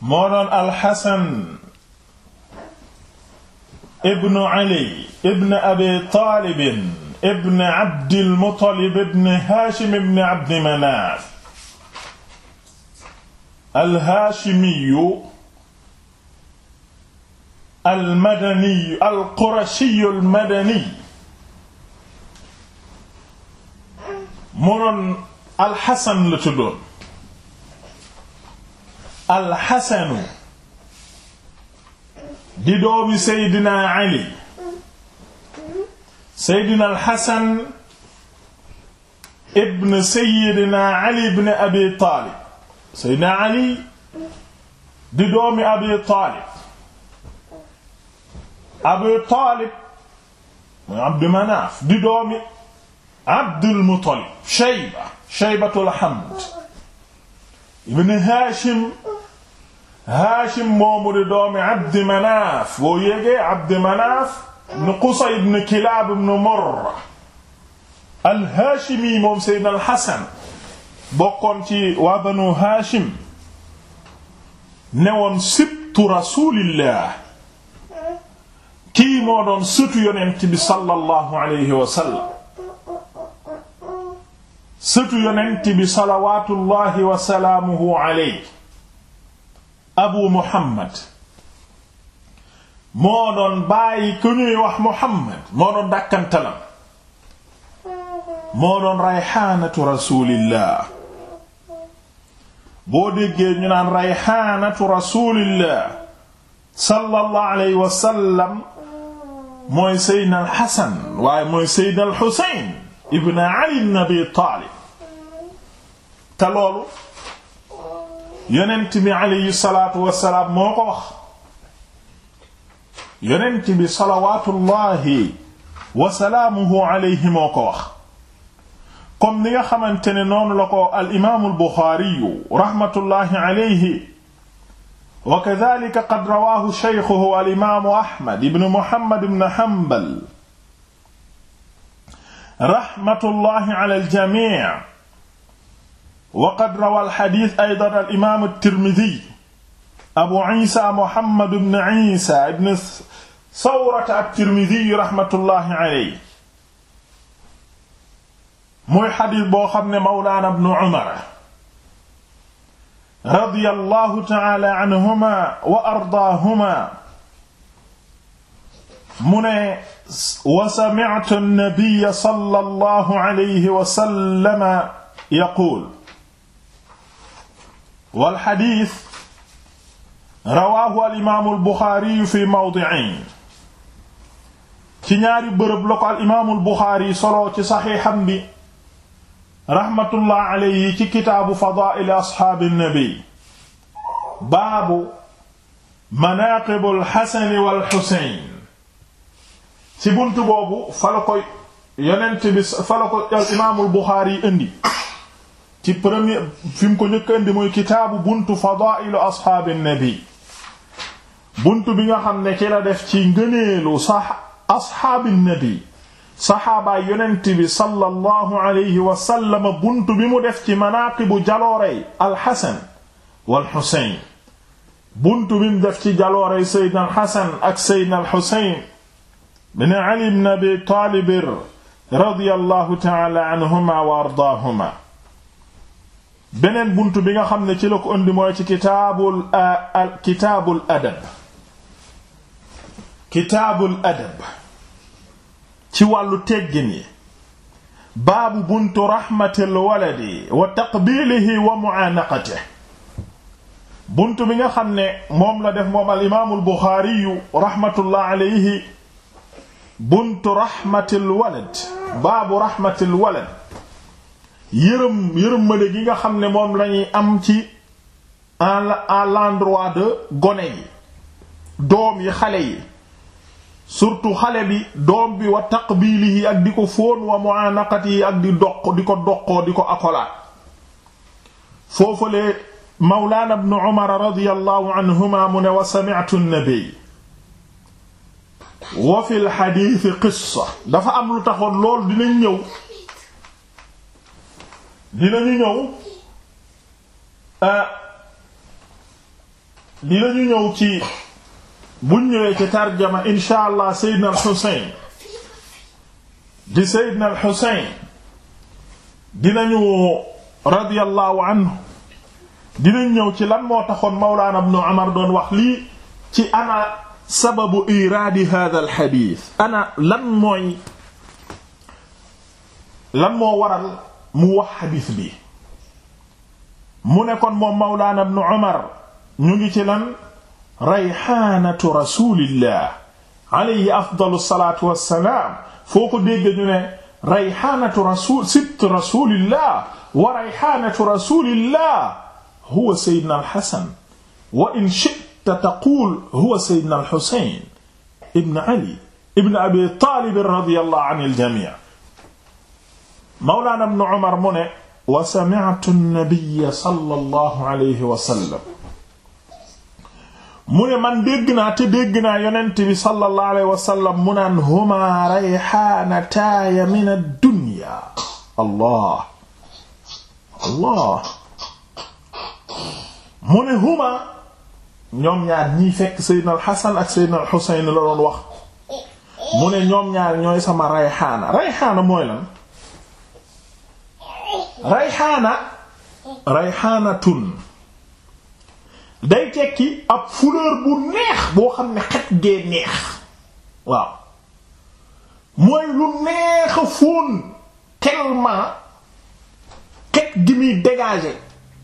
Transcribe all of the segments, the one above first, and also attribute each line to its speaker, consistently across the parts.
Speaker 1: moo doon alxasan ibnu ali ibn abi taalibin ibn abdilmutalib ibn haashim ibn abdi manaaf alhaashimiyu almadaniyu alqurashiyu almadani moo doon alxasan la tuddoon alxasanu di doomi seydina ali seydina alxasan ibn seydina ali ibn abi taalib seydina ali di doomi abi taalib abi taalib mooy abdu manaaf di doomi abdul muttalib shayba shaybatul hamd ibn haashim haashim moomu di doomi abdi manaaf boo yégee abdi manaaf ibn qusay ibn kilaab ibn murra alhaashimi moom seydna alxasan bokkoon ci waa banu haashim newoon sibtu rasulillah kii moo doon sëtu yonent bi sallallahu alayhi wa sallam sëtu yonent bi salawatullahi wa salaamuhu alayhi abu muhammad moo doon bàyyi ku ñuy wax muhammad moo doon dàkkantalam moo doon rayxaanatu rasulillah boo déggee ñu naan rayxaanatu rasulillah sallallahu alayhi wa sallam mooy seydna al xasan waaye mooy seydna al xusayn ibn ali ibn abi taalib te loolu yonent bi aleyhi salaatu wassalaam moo ko wax yonent bi salawaatullahi wa salaamuhu aleyhi moo ko wax comme ni nga xamante ne noonu la ko al imaamu al buxaariyu rahmatullahi aleyhi wa kadhalika qad rawaahu shaykhuhu al imaamu ahmad ibn muhammad ibn hanbal rahmatullahi ala al jamii waqad rawa alxadis aydan alimaam altirmidi abu isa mohammad bn isa ibn sawrata altirmidi raxmatullahi aley muy xadis boo xam ne mawlaana bnu umar radiyallahu taala anhuma wa ardaahuma mu ne wa sami'tu an-nabiyya sallallahu alayhi wa sallam yaquul wal xadiis rawaahu al imaamu al buxaari fi mawdi'ayn ci ñaari bërëb la ko al imaamu al buxaari solo ci saxiixam bi raxmatullah alayhi ci kitaabu fadaa'il asxaabi nabi baabu manaaqibul xasani wal xuseyn ci bunt boobu fa la koy yonent bi fa la ko al imaamul buxaari indi ci premier fi mu ko njëkk indi muy kitaabu buntu fadaa'ilu ashaabi nabi buntu bi nga xam ne ci la def ci ngëneelu sax ashaabi nabi saxaabaay yonent bi sallallahu alayhi wa sallam buntu bi mu def ci manaaqibu jaloorey alxasan wal xusayn buntu bi mu def ci jaloorey saydna alxasan ak saydna alxusayn bin ali ibn abi taalib radiyallahu ta'ala anhuma wa ardaahuma beneen bunt bi nga xam ne ci la ko indi mooy ci kitaabul kitaabul adab kitaabul adab ci wàllu teggin yi baabu buntu raxmatil wa taqbilihi wa mu'aanaqatihi buntu bi nga xam ne moom la def moom al imaamul buxaariyu raxmatullah alayhi buntu raxmatil walad baabu raxmatil yërëm yërëmale gi nga xam ne moom lañuy am ci à l'endroit de gone yi doom yi xale yi surtout xale bi doom bi wa taqbilihi ak di ko fóon wa mu'anaqatihi ak di doq di ko doqoo di ko akolaat foofalee mawlaana ibn umar radiyallahu anhuma mu ne wa sami'tu an-nabi wa fil hadith qissa dafa am lu taxoon loolu dinañ ñëw dinañu ñëw euh, dinañu ñëw ci buñ ñëwee ci tarjama insha allah Seydina al-Husayn di Seydina al-Husayn dinañu radiyallahu anhu dinañ ñëw ci lan moo taxoon Mawlana Ibn Umar wax lii ci ana sababu iraadi hadha al ana lan waral mu wax xadiis bi mu ne kon moom mawlaana ibnu umar ñu ngi ci lan rayxaanatu rasulillah alayhi afdalu salaatu wassalaam foo ko dégg ñu ne rayxaanatu rasul sibt rasulillah wa rayxaanatu rasulillah huwa sayyidina alxasan wa in shi'ta taqul huwa sayyidina alxusayn ibn ali ibn abi taalib radiyallahu anil jamii Mawlaana ibn Umar mu ne wa sami'tu an-nabiyya sallallahu alayhi wa sallam mu ne man dégg naa te dégg naa yonent bi sallallahu alayhi wa sallam mu naan huma rayhaanataaya min ad-dunya allah allah mu ne huma ñoom ñaar ñiy fekk Seydina al-Hasan ak Seydina al-Husayn la doon wax mu ne ñoom ñaar ñooy sama rayhaana rayhaana mooy lan rayxaana rayxaanatun day tekki ab fleur bu neex boo xam ne xet gee neex waaw mooy lu neex a fóon xet gi muy dégager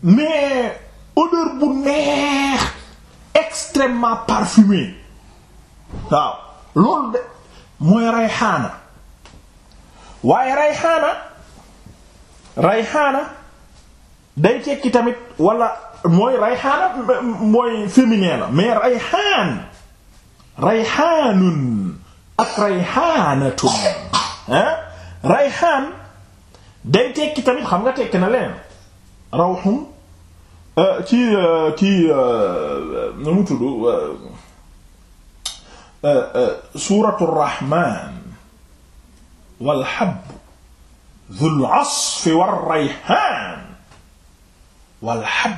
Speaker 1: mais odeur bu neex extrêmement parfumée waaw loolu mooy rayxaana waaye rayxaana rayxaana day tekki tamit wala mooy rayxaana mooy féminin la mais rayxaan rayxaanun ak rayxaanatun day tekki tamit xam nga tekki na leen rawxum euh, ci euh, ci euh, nu mu tudd suuratu rahmaan wal habb dhul asfi war rayhaan wal habb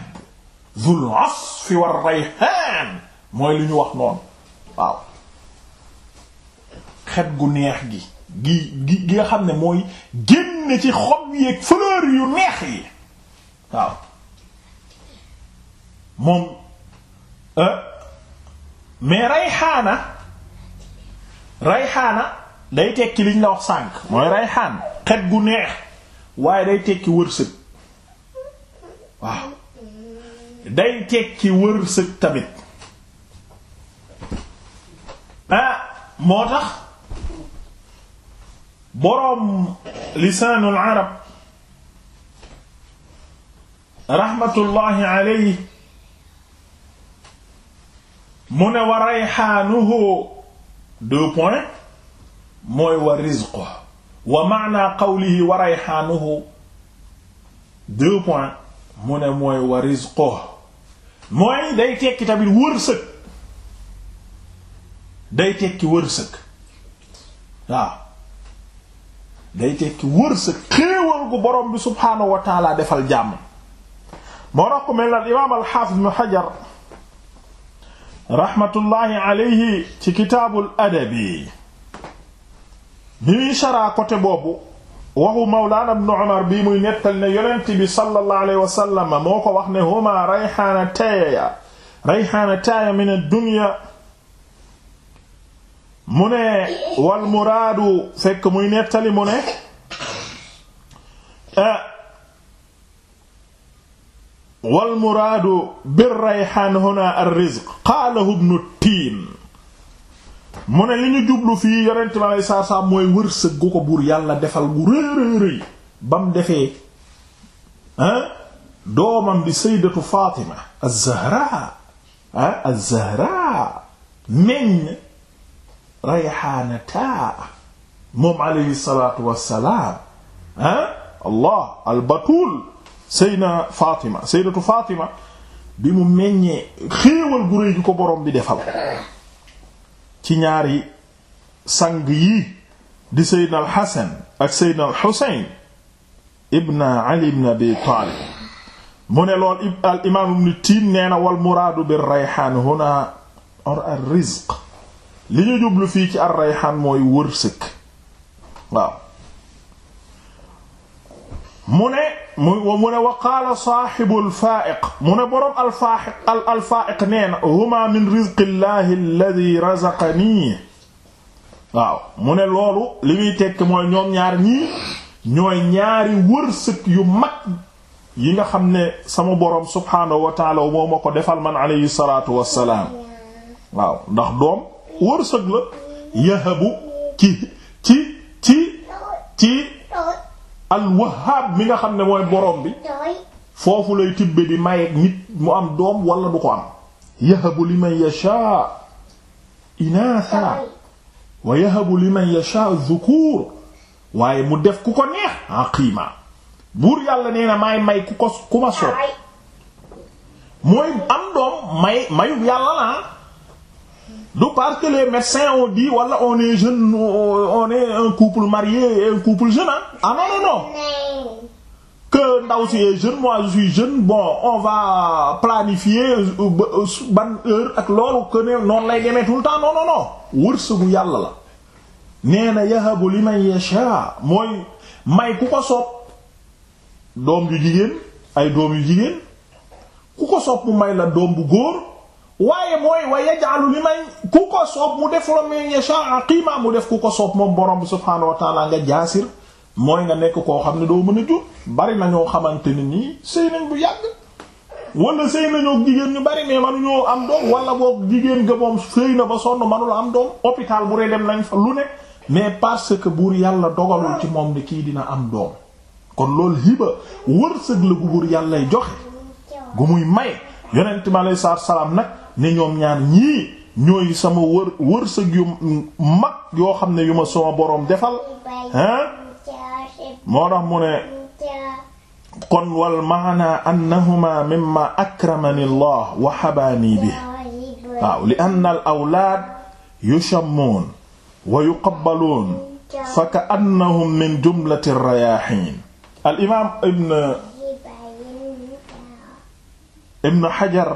Speaker 1: dhul asfi war rayhaan mooy li ñu wax noonu waaw xet gu neex gi gi gi gi nga xam ne mooy génn ci xob yi ak fleur yu neex yi waaw moom eh, mais rayhaana rayhaana day tekki liñ la wax sànq mooy rayhaan xet gu neex waaye day tekki wërsëg waaw tamit ah moo tax boroom arab raxmatullahi alayhi mu ne wa rayxaanuhu deux points mooy wa wa maana qawlihi wa rayhaanuhu deux points mu ne mooy wa rizquhu mooy day tekki tamit wërsëg day tekki wërsëg waaw day tekki wërsëg xéewal gu borom bi subhaanahu wa taala defal jàmm moo tax ku mel na imaam alxaafis ibn xajar raxmatullaahi alayhi ci kitaabul adabi bi muy sharaa côté boobu waxu mawlaana ibn Umar bii muy nettal ne yonent bi sallallahu alayhi wa sallam moo ko wax ne huma rayhaana taya rayhaana taya min ad-dunya mu ne wal muraadu fekk muy nettali mu ne eh, wal muraadu bir rayhaan huna ar-rizq qaalahu ibn tiin mu ne li ñu jublu fii yonent ma lay saa saa mooy wër gu ko buur yàlla defal gu rëy rëy ba defee ah doomam bi saydatu Fatima az-Zahra ah az meññ rayhaanata moom alayhi salaatu wassalaam ah allah al-Batul sayna Fatima saydatu bi mu meññee xéewal gu rëy gi ko borom bi defal. ci ñaari sang yii di seydna al xasan ak seydna al xusayn ali ibn abi taalib mu ne lool al imaam ibn tiin nee na wal muraadu bir rayxaan huna or ar rizq li ñu jublu fii ci ar rayxaan mooy wërsëg mu ne mu mu ne wa qaala saaxibu alfaa'iq mu ne boroom alfaa'iq alfaa'iq nee na huma min rizqi mu ne loolu li muy tekk mooy ñoom ñaar ñii ñooy ñaari wërsëg yu mag yi nga xam ne sama boroom subhaanahu wa taala moo ma ko defal man alayhi salaatu wassalaam waaw ndax doom wërsëg yahabu ci ci ci ci al-Wahhab mi nga xam ne mooy borom bi foofu lay tibbe di mayeeg nit mu am doom wala bu ko am yahabu liman yasha inaasa wa yahabu liman yasha dhukur waaye mu def ku ko neex aqima buur yàlla nee na maay may ku ko ku ma soob mooy am doom may mayu yàlla la ah. du parce que les médecins ont dit wala on est jeune on est un couple marié un couple jeune hein ah non non ndaw si est jeune moi jeune bon on va planifier euh, euh, ban heure ak loolu que ne noonu lay demee tout le temps non non non wërsëgu yàlla la nee na yahabu liman yasha mooy may ku ko sopp doom yu jigéen ay doom yu jigéen ku ko sopp may la doom bu góor waaye mooy wa yaj'alu li may ku ko soob mu def la man yasha qiima mu def ku ko soob moom borom bi subhaanahu wa ta'ala nga jaasir mooy nga nekk koo xam ne doo mën a jur bari na ñoo xamante ne nii sëy nañ bu yàgg wala sëy nañoo jigéen ñu bari mais manuñoo am doom wala boog jigéen ga moom sëy na ba sonn manula am doom hôpital bu dee dem nañ fa lu ne mais parce que buur yàlla dogalul ci moom ne kii dina am doom kon loolu hiba wërsëg la gu buur yàllay joxe gu muy may salaam nag ne ñoom ñaar ñii ñooy sama wër wërsëg yu mag yoo xam ne yu ma sama boroom defal ah moo tax mu ne kon wal maana annahuma mimma akramani allah wa habaani bi waaw li anna al awlaad yushammuun wa yuqabbaluun fa ka'annahum min jumlati rayaahiin al imaam ibn ibn hajar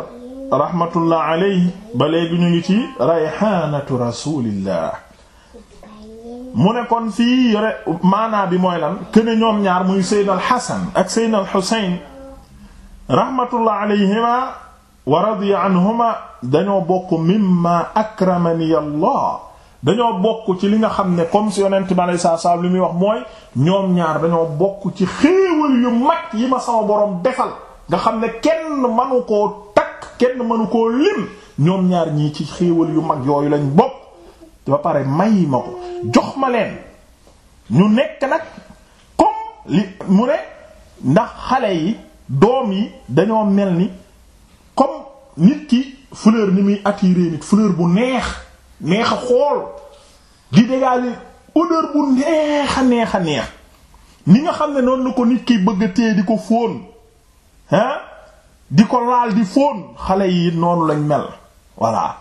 Speaker 1: rahmatullah alayhi ba léegi ñu ngi ci rayhaanatu rasulillah mu ne kon fii maanaa bi mooy lan këne ñoom ñaar muy seydna alxasan ak seydna alxusayn rahmatullah alayhima wa radiya anhuma dañoo bokk mimma akramani allah dañoo bokk ci li nga xam ne comme si yonent bi alei saa salaam li muy wax mooy ñoom ñaar dañoo bokk ci xéewal yu mag yi ma sama boroom defal nga xam ne kenn manu koo kenn mënu koo lim ñoom ñaar ñii ci xéewal yu mag yooyu lañ bokk ba pare may ma ko jox ma leen ñu nekk nag comme li mu ne ndax xale yi doom yi dañoo mel ni comme nit ki fleur ni muy attirer nit fleur bu neex neex a xool bu neex ni nga xam ne noonu ko nit ki bëgg a téye di ko fóon di ko laal di fóon xale yi noonu lañ mel voilà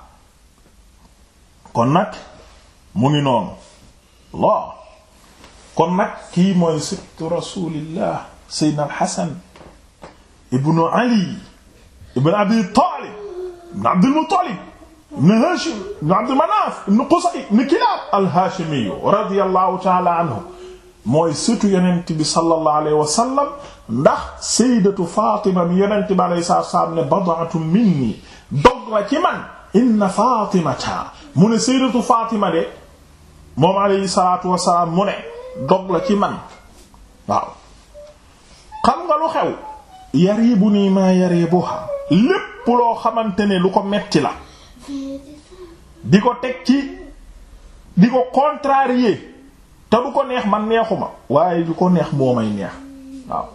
Speaker 1: kon nag mu ngi noonu lo kon nag kii mooy sibtu rasulillah seydna alxasan ibnu ali ibnu abi talib ibnu abdulmutalib ibnu hashim ibnu abdul manaf ibnu qusay ibnu kilaab alhaashimiyu taala anhu mooy sëtu yonent bi sallallahu alayhi wa ndax sayyidatu Fatima mi yonente bi alayhi salaatu salaam ne bad'atu minni dog la ci man inna Fatimata mu ne sayyidatu Fatima de moom alayhi salaatu wasalaam mu ne dog la ci man waaw xam nga lu xew yaribuni ma yaribuha lépp loo xamante ne lu ko metti la di ko teg ci di ko contrarier te du ko neex man neexuma waaye du ko neex moo may neex waaw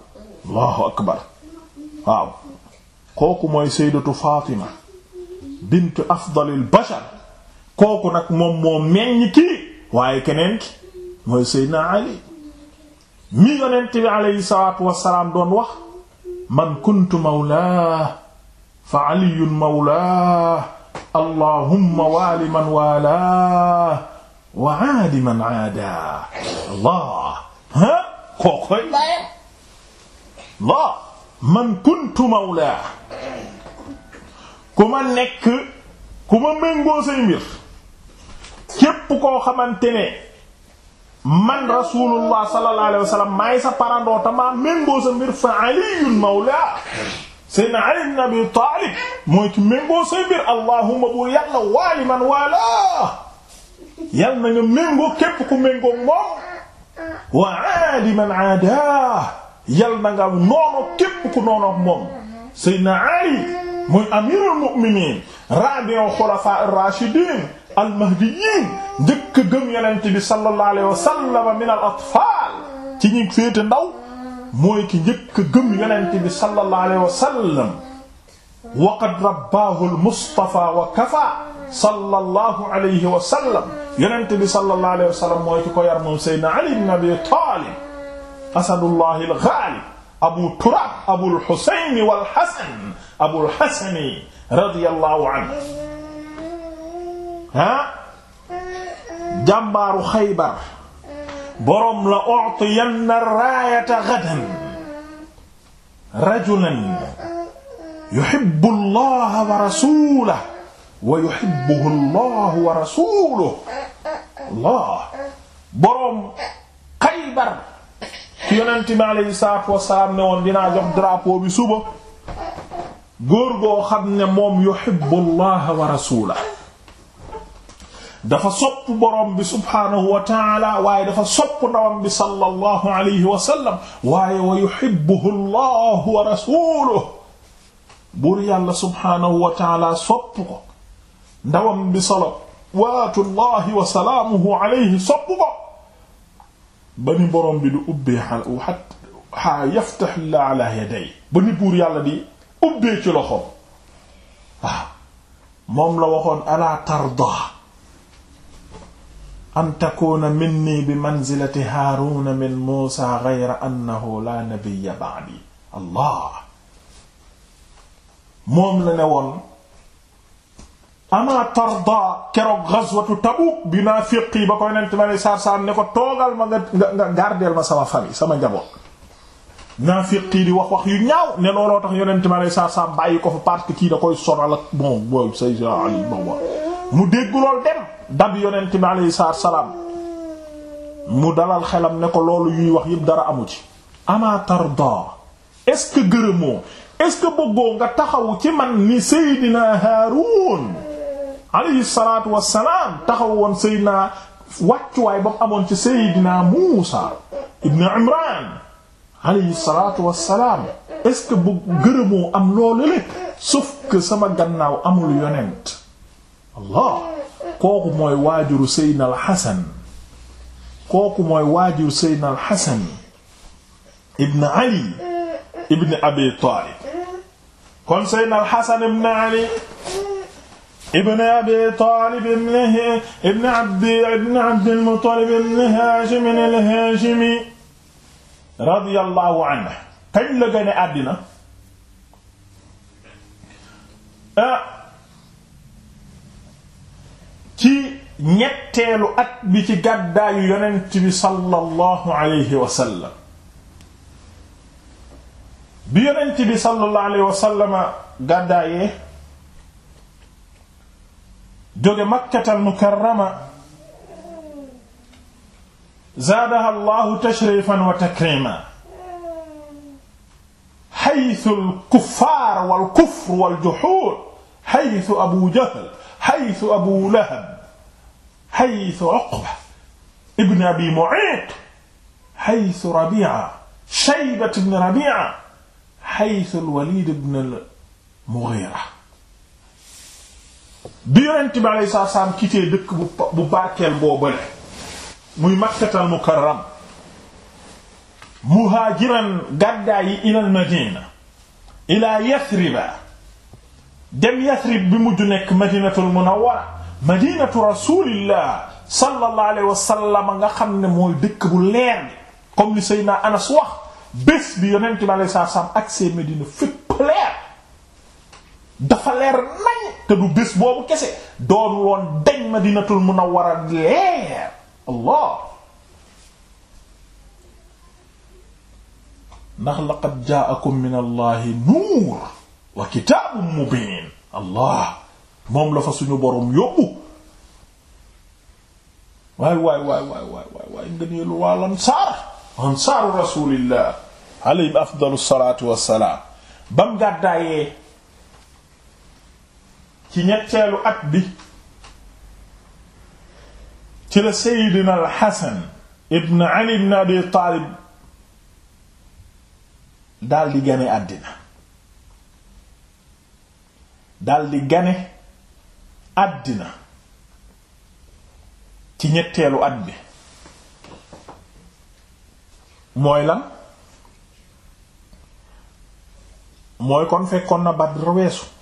Speaker 1: allahu akbar waaw kooku mooy sayyidatu Fatima bint afdalil bashar kooku nag moom moo meññ kii waaye keneen ki mooy sayyidina Ali mi yonent bi alayhi salaatu wassalaam doon wax man kuntu mawlaa fa aliyun mawlaa allahumma waali man waalaa wa aadi man aadaa allah ha kookoy la man kuntu mawla ku ma nekk ku ma méngoo say mbir képp koo xamante ne man rasulullah sallallahu alayhi wa sallam maay sa parandoo te maa fa aliyun mawla seydna ali ibn abi taalib mooy ki méngoo say mbir allahumma bu yàlla waali man waala yàlla na nga ku méngoo moom wa aadi man aadaa yal na nga noonu képp ku noonu ak moom Ali muy amirul mu'minin rabi'u xulafaa ar-rashidin al gëm yonent bi sallallahu alayhi wa sallam min al ki njëkk gëm yonent bi sallallahu alayhi wa qad rabbaahu al wa kafa sallallahu alayhi wa sallam yonent bi sallallahu alayhi wa sallam Ali ibn Abi Talib asadullah al-ghalib abu turab abul husayn wal hasan abul hasani radiyallahu anhu ah jàmbaaru xaybar boroom la u'tiyanna raayata ghadan rajulan yuhibbu allaha wa rasulahu wa yuhibbuhu allahu wa rasuluhu allah boroom xaybar ci yonent bi alayhi salaatu wassalaam ne woon dinaa jox drapeau bi suba góor goo xam ne moom yuhibbu allaha wa rasulahu dafa sopp borom bi subhaanahu wa taala waaye dafa sopp ndawam bi sallallahu alayhi wa sallam waaye wa yuhibbuhu allahu wa rasuluhu buur yàlla subhaanahu wa taala sopp ko ndawam bi salawatullahi wa salaamuhu alayhi sopp ko ba ni borom bi du ubbee xaa yaftax la ala yaday ba ni buur yàlla di ubbee ci loxoom waaw moom la waxoon alaa tarda an takuna minni bi manzilati haaruna min muusa ghayra annahu la nabiyya ba'di allah moom la ne woon ama tarda keroog ghazwatu Tabuk bi naa féqi ba koy nent ma ne saar ne ko toogal ma nga gardeel ma sama famille sama njaboot naa féqii di wax wax yu ñaaw ne looloo tax yonent ma lay saar bàyyi ko fa parce que kii da koy sonal ak bon booy say ali bawa mu dégg lool dem dab yonent mi aleyhi salaam mu dalal xelam ne ko loolu yuy wax yëpp dara amu ci ama tarda est-ce que gërëmoo est-ce bëggoo nga taxaw ci man ni Seydina Haarun alayhi salaatu wassalaam taxaw woon Seydina wàccuwaay ba mu amoon ci Seydina Muusa ibn Imraan alayhi salaatu wassalaam est-ce que bu gërëmoo am loolu le sauf que sama gannaaw amul yonent Allah kooku mooy waajuru Seydina al-Hasan kooku mooy waajuru Seydina al-Hasan ibn Ali ibn Abi Taalib kon Seydina al-Hasan ibn Ali ibn abi taalib ibn abdi ibn abdil muttalib ibn haashim al-haashimi radiyallahu anhu kañ la gane àddina ah, ci ñetteelu at bi ci gàddaayu yonent bi sallallahu alayhi wa sallam bi yonent bi sallallahu alayhi wa sallam gàddaayee jóge makkatal mukarrama zaadaha allahu tashrifan wa takrima xaytu alkuffar walkufr waljuxuud xaytu abu jahl xaytu abu lahab xaytu uqba ibn abi mu'ayt xaytu rabi'a shayba ibn rabi'a xaytu alwalid ibn almughira bi yonent bi aleyhi salaatu salaam quitté dëkk bu bu barkeel boobale muy makkatal mukarram muhaajiran gàddaa yi ilal madina ila yathriba dem yathrib bi mujj nekk madinatul munawwara madinatu rasulillah sallallahu alayhi wa sallam nga xam ne mooy dëkk bu leer bi comme li Seydina Anas wax bés bi yonent bi aleyhi salaatu salaam ak see Medina fépp leer dafa leer nañ te du bés boobu kese doon woon dañ madinatul munawwara leer allah ndax laqad jaakum min allahi nuur wa kitaabun mubin allah moom la fa suñu boroom yóbbu waay waay waay waay waay waay waay ngëneelu waa lansaar ansaaru rasulillah alayhi afdalu salaatu wassalaam bam gàddaayee ci ñetteelu at bi ci la seydina al xasan ibn ali ibn abi taalib daldi gane àddina daldi gane àddina ci ñetteelu at bi mooy lan mooy kon fekkoon na Badr weesu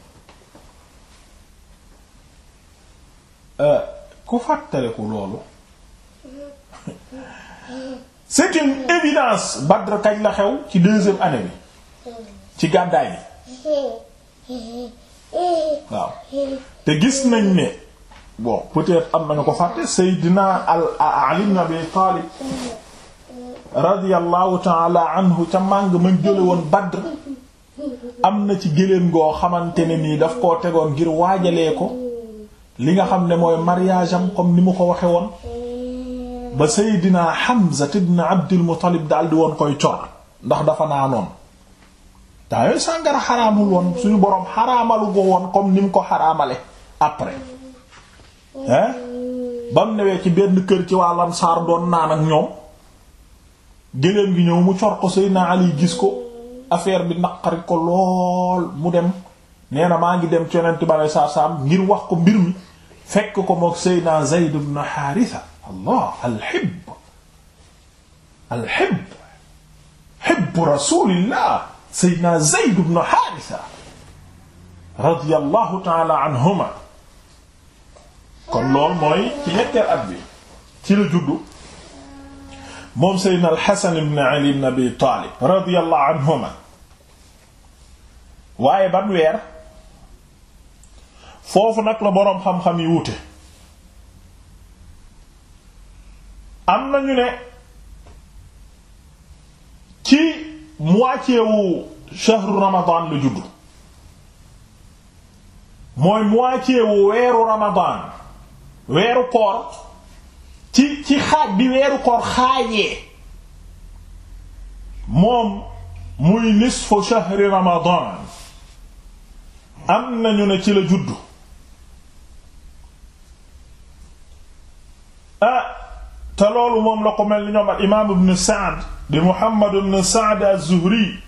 Speaker 1: Euh, ku fàttaliku loolu c'est une évidence Badr kañ la xew ci deuxième année bi ci gàddaay bi waaw te gis nañ ne bon peut-être am nañu ko fàtte Seydina al Ali ibn Abi Talib radiyallahu ta'ala anhu ca màng mañ jële woon Badr am na ci gëléem goo xamante ne nii daf koo tegoon ngir waajalee ko li nga xam ne mooy mariage am comme ni mu ko waxee woon ba Seydina Hamza ibn Abdul Muttalib daal di woon koy cor ndax dafa naanoon daa yooyu sàngara xaraamul woon suñu boroom xaraamalu ko woon comme ni mu ko xaraamale après hein ba mu newee ci benn kër ci waa Ansaar doon naan ak ñoom géléem gi ñëw mu cor ko Seydina Ali gis ko affaire bi naqari ko lool mu dem nee na maa ngi dem ci yonent bi aleyhi ngir wax ko mbir mi fekk ko mook Seydina Zayd ibn Haritha allah alxibb alxibb xibb rasulillah Seydina Zayd ibn Haritha radiyallahu taala anhuma kon loolu mooy ci ñetteel at bi ci la juddu moom Seydina al-Hasan ibn Ali ibn Abi Talib radiyallahu anhuma waaye ban weer foofu nag la boroom xam-xam yi wuute am na ñu ne ci moitié wu shahru ramadan la juddu mooy moitié wu weeru ramadan weeru koor ci ci xaaj bi weeru koor xaajee moom muy nisfu shahri ramadan am na ñu ne ci la juddu te loolu moom la ko mel ni ñoom al imaam ibn Sa'd di Muhammad ibn Sa'd az-Zuhri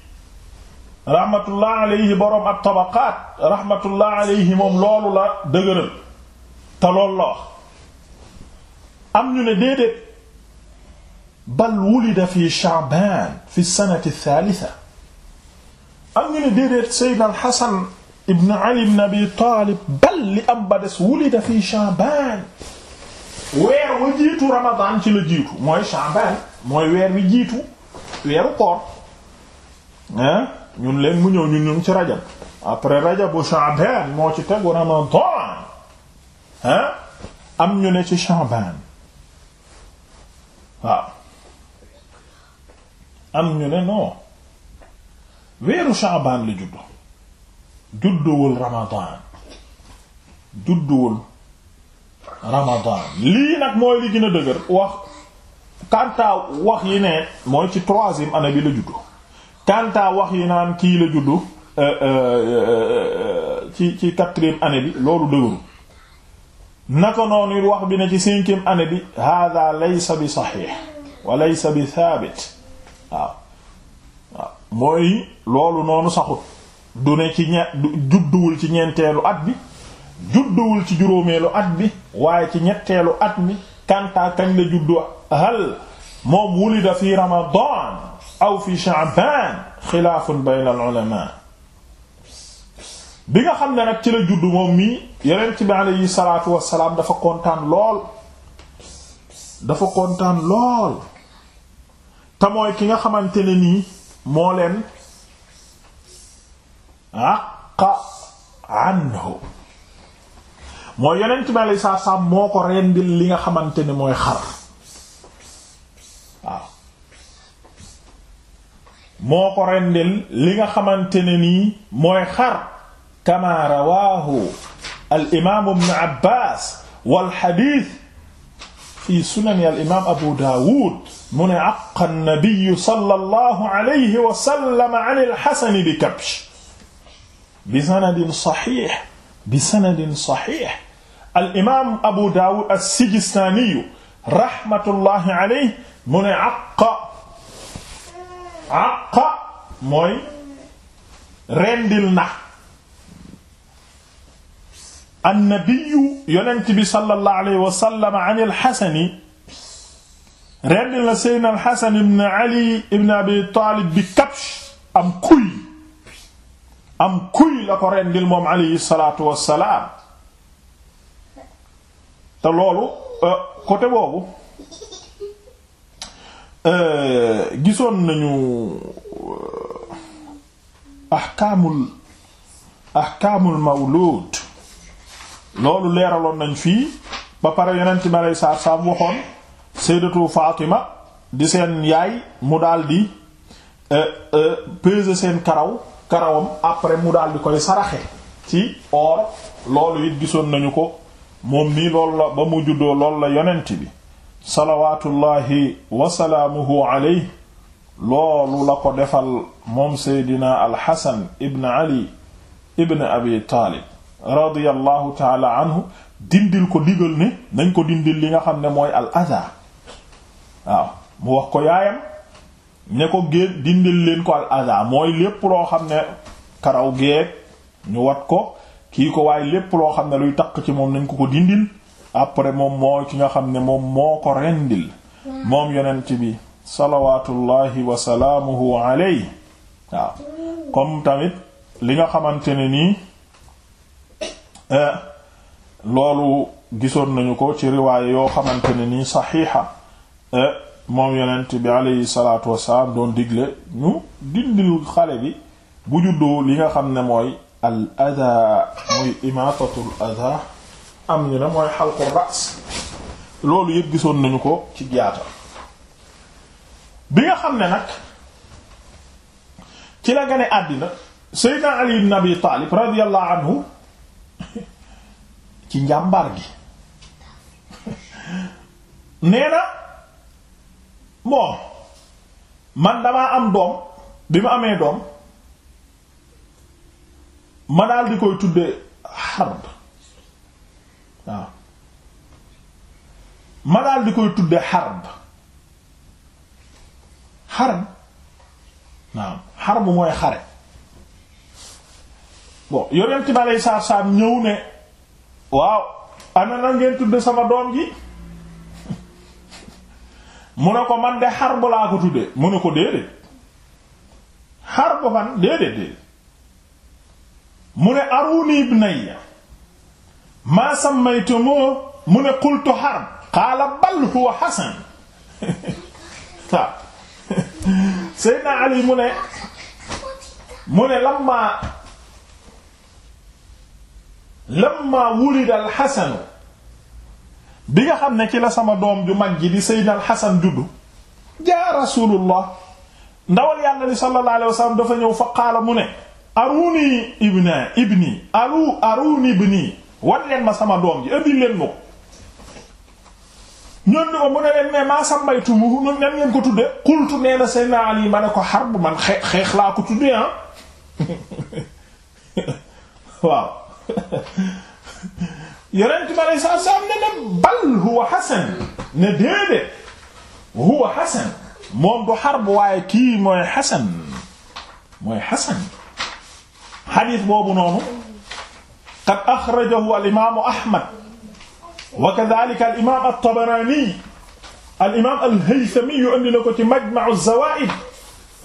Speaker 1: rahmatullah alayhi boroom at-Tabaqaat rahmatullah alayhi moom loolu la dëgëral te loolu la wax am ñu ne déedéet bal wulida fi Sha'baan fi sanati ath-thaalitha am ñu ne déedéet Seydina al-Hasan ibn Ali ibn Abi Taalib bal li am ba des wulida fi Sha'baan weer wa jiitu ramadan ci la jiitu mooy Sha'ban mooy weer wi jiitu weeru koor hein ñun leen mu ñëw ñun ñun ci rajab après rajabu Sha'ban moo ci tegu ramadan hein am ñu ne ci Sha'ban waaw am ñu ne non weeru Sha'ban la juddu judduwul ramadan judduwul ramadan lii nag mooy li gën a dëgër wax kanta wax yi ne mooy ci troisième année bi la juddu kanta wax yi naan kii la juddu euh, euh, euh, ci ci quatrième année bi loolu dëgëru naka noonu wax bi ne ci cinquième année bi hada laysa bi saxiix wa laysa bi thabit waaw waaw mooy loolu noonu saxut du ne ci ñe judduwul ci ñeenteelu at bi judduwul ci juróomeelu at bi waaye ci ñetteelu at mi kantaa la juddu hal moom wulida fi ramadan aw fi sha'ban xilaafun bayna al ulama bi nga xam ne nag ci la juddu moom mii yonent bi alayhi salaatu wassalaam dafa kontaan lool dafa kontaan lool te ki nga xamante ne nii moo leen aqa anhu mooy yonent bi aleyhi salaatu salaam moo ko rendil li nga xamante ne mooy xar waaw moo ko rendil li nga xamante ne nii mooy xar kama rawaahu al imaamu ibnu Abbaas wal hadiis fi sunani al imaam Abu Daawuud mu ne aqqa nabiyyu sallallahu alayhi wa sallam an al Hasan bi kabsh bi sanadin saxiix bi sanadin saxiix al imaam Abu Daawud as-Sijistaaniyu rahmatullahi alayhi mu ne àqa àqa mooy rendil na annabiyu yonent bi sallallahu alayhi wa sallam an al-Hasani rendil na Seydina al-Hasan ibn Ali ibn Abi Taalib bi kabsh am kuy am kuy la ko rendil moom alayhi salaatu wa salaam te loolu euh, côté boobu euh, gisoon nañu euh, ahkaamul ahkaamul mawlud loolu leeraloon nañ fii ba pare yonent mi aleyhi salaatu salaam waxoon sayyidatu Fatima di seen yaay mu daldi peser seen karaw karawam après mu daldi koy saraxe ci or loolu it gisoon nañu ko moom nii loolu la ba mu juddoo loolu la yonent bi salawaatullaahi wasalaamuhu alayhi loolu la ko defal moom seydina alxasan ibn ali ibn abi taalib radiyallahu taala anhu dindil ko digal ne nañ ko dindil li nga xam ne mooy al adaa waaw mu wax ko yaayam ne ko génn dindil leen ko al adaa mooy lépp loo xam ne karaw geeg ñu wat ko kii ko waaye lépp loo xam ne luy takk ci moom nañ ko ko dindil après moom moo ki nga xam ne moom moo ko rendil moom yonent bi salawatullahi wa salaamuhu alayhi waaw comme tamit li nga xamante ne nii eh, loolu gisoon nañu ko ci riwaaye yoo xamante ne nii saxiixa eh, moom yonent bi alayhi salaatu wasalaam doon digle ñu dindil xale bi bu juddoo li nga xam ne mooy al adha muy imaatatul adha am ñu ne mooy xalqu ra's loolu yëpp gisoon nañu ko ci jaata bi nga xam ne nag ci la gane àddina seydna ali ibn abi taalib radiyallahu anhu ci njàmbaar gi nee na man damaa am doom bi ma amee doom ma daal di koy tudde xarb waaw ma daal di koy tudde xarb xarb waaw xarb mooy xare bon yonent bi aleyhi salaatu salaam ne waaw ana na ngeen tudde sama doom ji mu ne ko man de xarb laa ko tudde mu ne ko déedéet xarb fan déedéet déedéet mu ne aruni ibnayya maa sammaytumu mu ne qultu harb qaala bal huwa hasan waaw seydna ali mu ne mu ne lamma lamma wulida alxasanu bi nga xam ne ci la sama doom ju mag ji di seydna alxasan juddu jaa rasulullah ndawal yàlla li sallallahu alayhi wasallam dafa ñëw fa qaala mu ne aruni ibna ibni aru ibni wan leen ma sama doom ji ëndi leen ma ko ñoon ni ko mu ne leen mais maa sambaytu mu ñun ko tudde xultu nee na seen Ali ma ne ko harb man xeex xeex laa ko tudde ah waaw yonent bi alei satu huwa Hasan moom du harb waaye kii mooy Hasan mooy Hasan xadiis boobu noonu qad axrajahu al imaamu Ahmad wa kadaalika al imaam at-Tabaraani al imaam al-Haythami andi na ko ci Majma'u az-Zawaa'id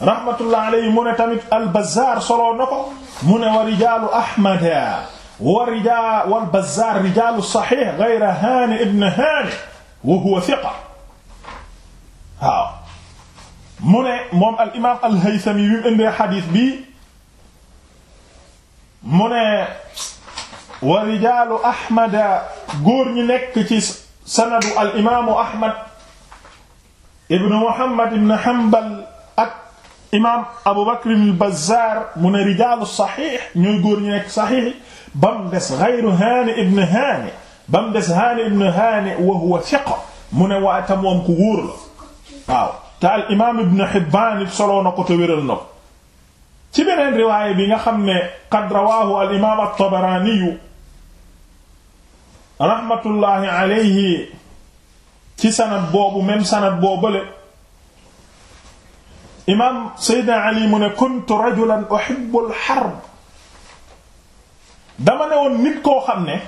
Speaker 1: rahmatullah alayhi mu ne tamit al-Bazzaar soloo na ko mu ne wa rijaalu Ahmad wa rijaal wal Bazzaar rijaalu saxiix ghayra Haani ibn Haani wa huwa thiqa waaw mu ne moom al imaam al-Haythami wi mu indee xadiis bi mu ne wa rijaalu ahmada góor ñi nekk ci sanadu al imaamu ahmad ibnu muhammad ibnu hanbal ak imaam abu bakr al bazzaar mu ne rijaalu saxiix ñooy góor ñi nekk saxiix ba mu des gayru haani ibnu haani ba mu des haani ibnu haani wa huwa thiqa mu ne waata moom ku wóor la waaw te al imaam ibnu hibbaan it soloo na ko te wéral na ko ci beneen riwaaya bi nga xam ne qad rawaahu al imaam at-Tabarani rahmatullahi alayhi ci sanad boobu même sanad boobale imaam Seydina Ali mu ne kuntu rajulan uhibbu al-harb dama ne woon nit koo xam ne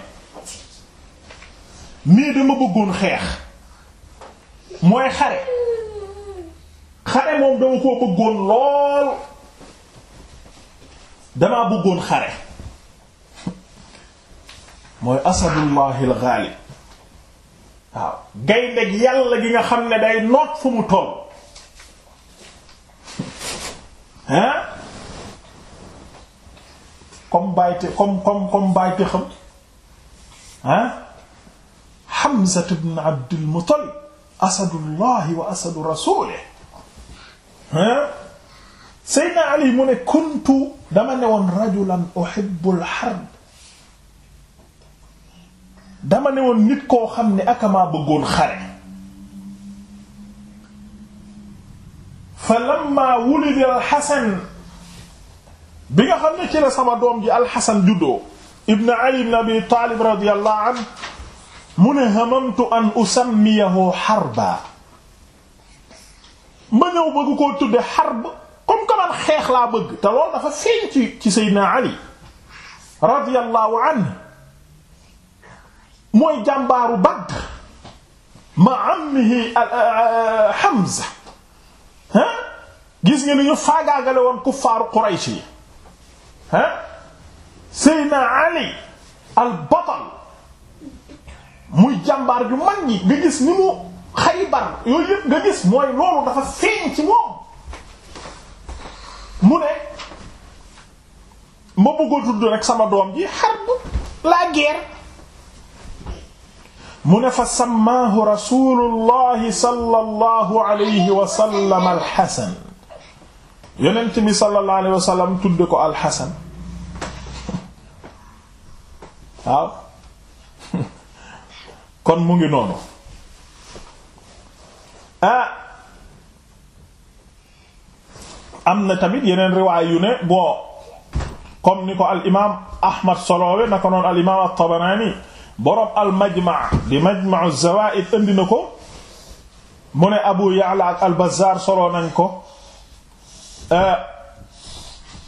Speaker 1: nii dama bëggoon xeex mooy xare xare moom dama koo bëggoon lool damaa bëggoon xare mooy asadullahi alxaalib waaw gaynde gi yàlla gi nga xam ne day noot fu mu toll hein comme bàyyite comme xam ah Hamza ibn Abdul Muttalib asadullahi wa asadu rasulihi ah Seydina Ali mu ne kuntu dama ne woon rajulan uhibbul harb dama ne woon nit koo xam ne akamaa bëggoon xare fa lamma wulida alxasan bi nga xam ne ci la sama doom ji alxasan juddoo ibn ali ibn abi taalib radiyallahu anhu mu ne hamamtu an usammiyahu harba ma ñëw bëgg koo tudde harb comme que man xeex laa bëgg te loolu dafa feeñ ci ci Seydina Ali radiyallahu anhu mooy jàmbaaru Badr ma ammihi Hamza ah gis nga ni ñu faagaagale woon kuffaaru Quraysh yi ah Seydina Ali al-Batal muy jàmbaar ju mag ñi nga gis ni mu Xaybar yooyu yëpp nga gis mooy loolu dafa feeñ ci moom mu ne ma bëgg a tudd rek sama doom ji harb la guerre mu ne fa sammaahu rasulullahi sallallahu alayhi wa sallam alxasan yonent bi sallallahu alayhi wa sallam tudde ko alxasan waaw kon mu ngi noonu ah, am na tamit yeneen riwaay yu ne bon comme ni ko al imaam Ahmad soloowe na ko noonu al imaam at-Tabarani borom al majmaa di majmau zawaid indi na ko mu Abu Ya'la al Bazzar soloo nañ ko eh,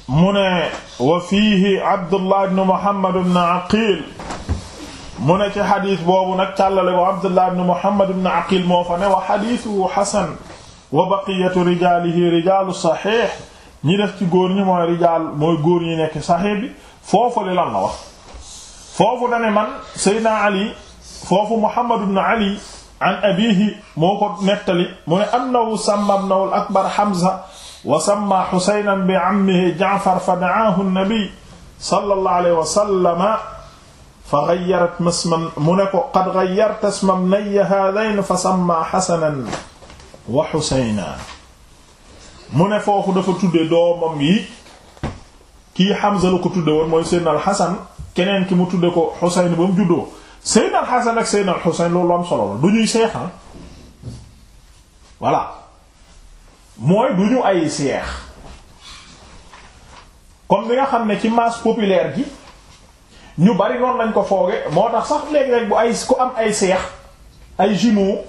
Speaker 1: mu ne wa fiihi Abdullah ibn Muhammad ibn Aqil mu boobu nag càllale wa Abdullah ibn Muhammad wa baqiyatu rijaalihi rijaalu saxiix ñi def ci góor ñi mooy rijaal mooy góor ñi nekk saxiix bi foofu li lan la wax foofu dane man Seydina Ali foofu Muhammad ibn Ali an abihi moo ko nettali mu ne annahu samma ibnahu al-akbar Hamza wa samma Husaynan bi ammihi Ja'far fa da'aahu an-nabi sallallahu alayhi wa sallama fa ghayyarat isma mu ne ko qad ghayyarta isma ibnayya haadhayn fa samma Hasanan wa Xuseyna mu ne foofu dafa tudde doomam yi kii Hamza la ko tudde woon mooy Seydina Al keneen ki mu tudde ko Xuseyn ba mu juddoo Seydina Al Xasan ak Seydina Al loolu am solo la du ñuy seex ah. voilà mooy du ñu ay seex comme ni nga xam ne ci masse populaire gi ñu bari noonu lañ ko fooge moo tax sax léeg-léeg bu ay ku am ay seex ay jumeaux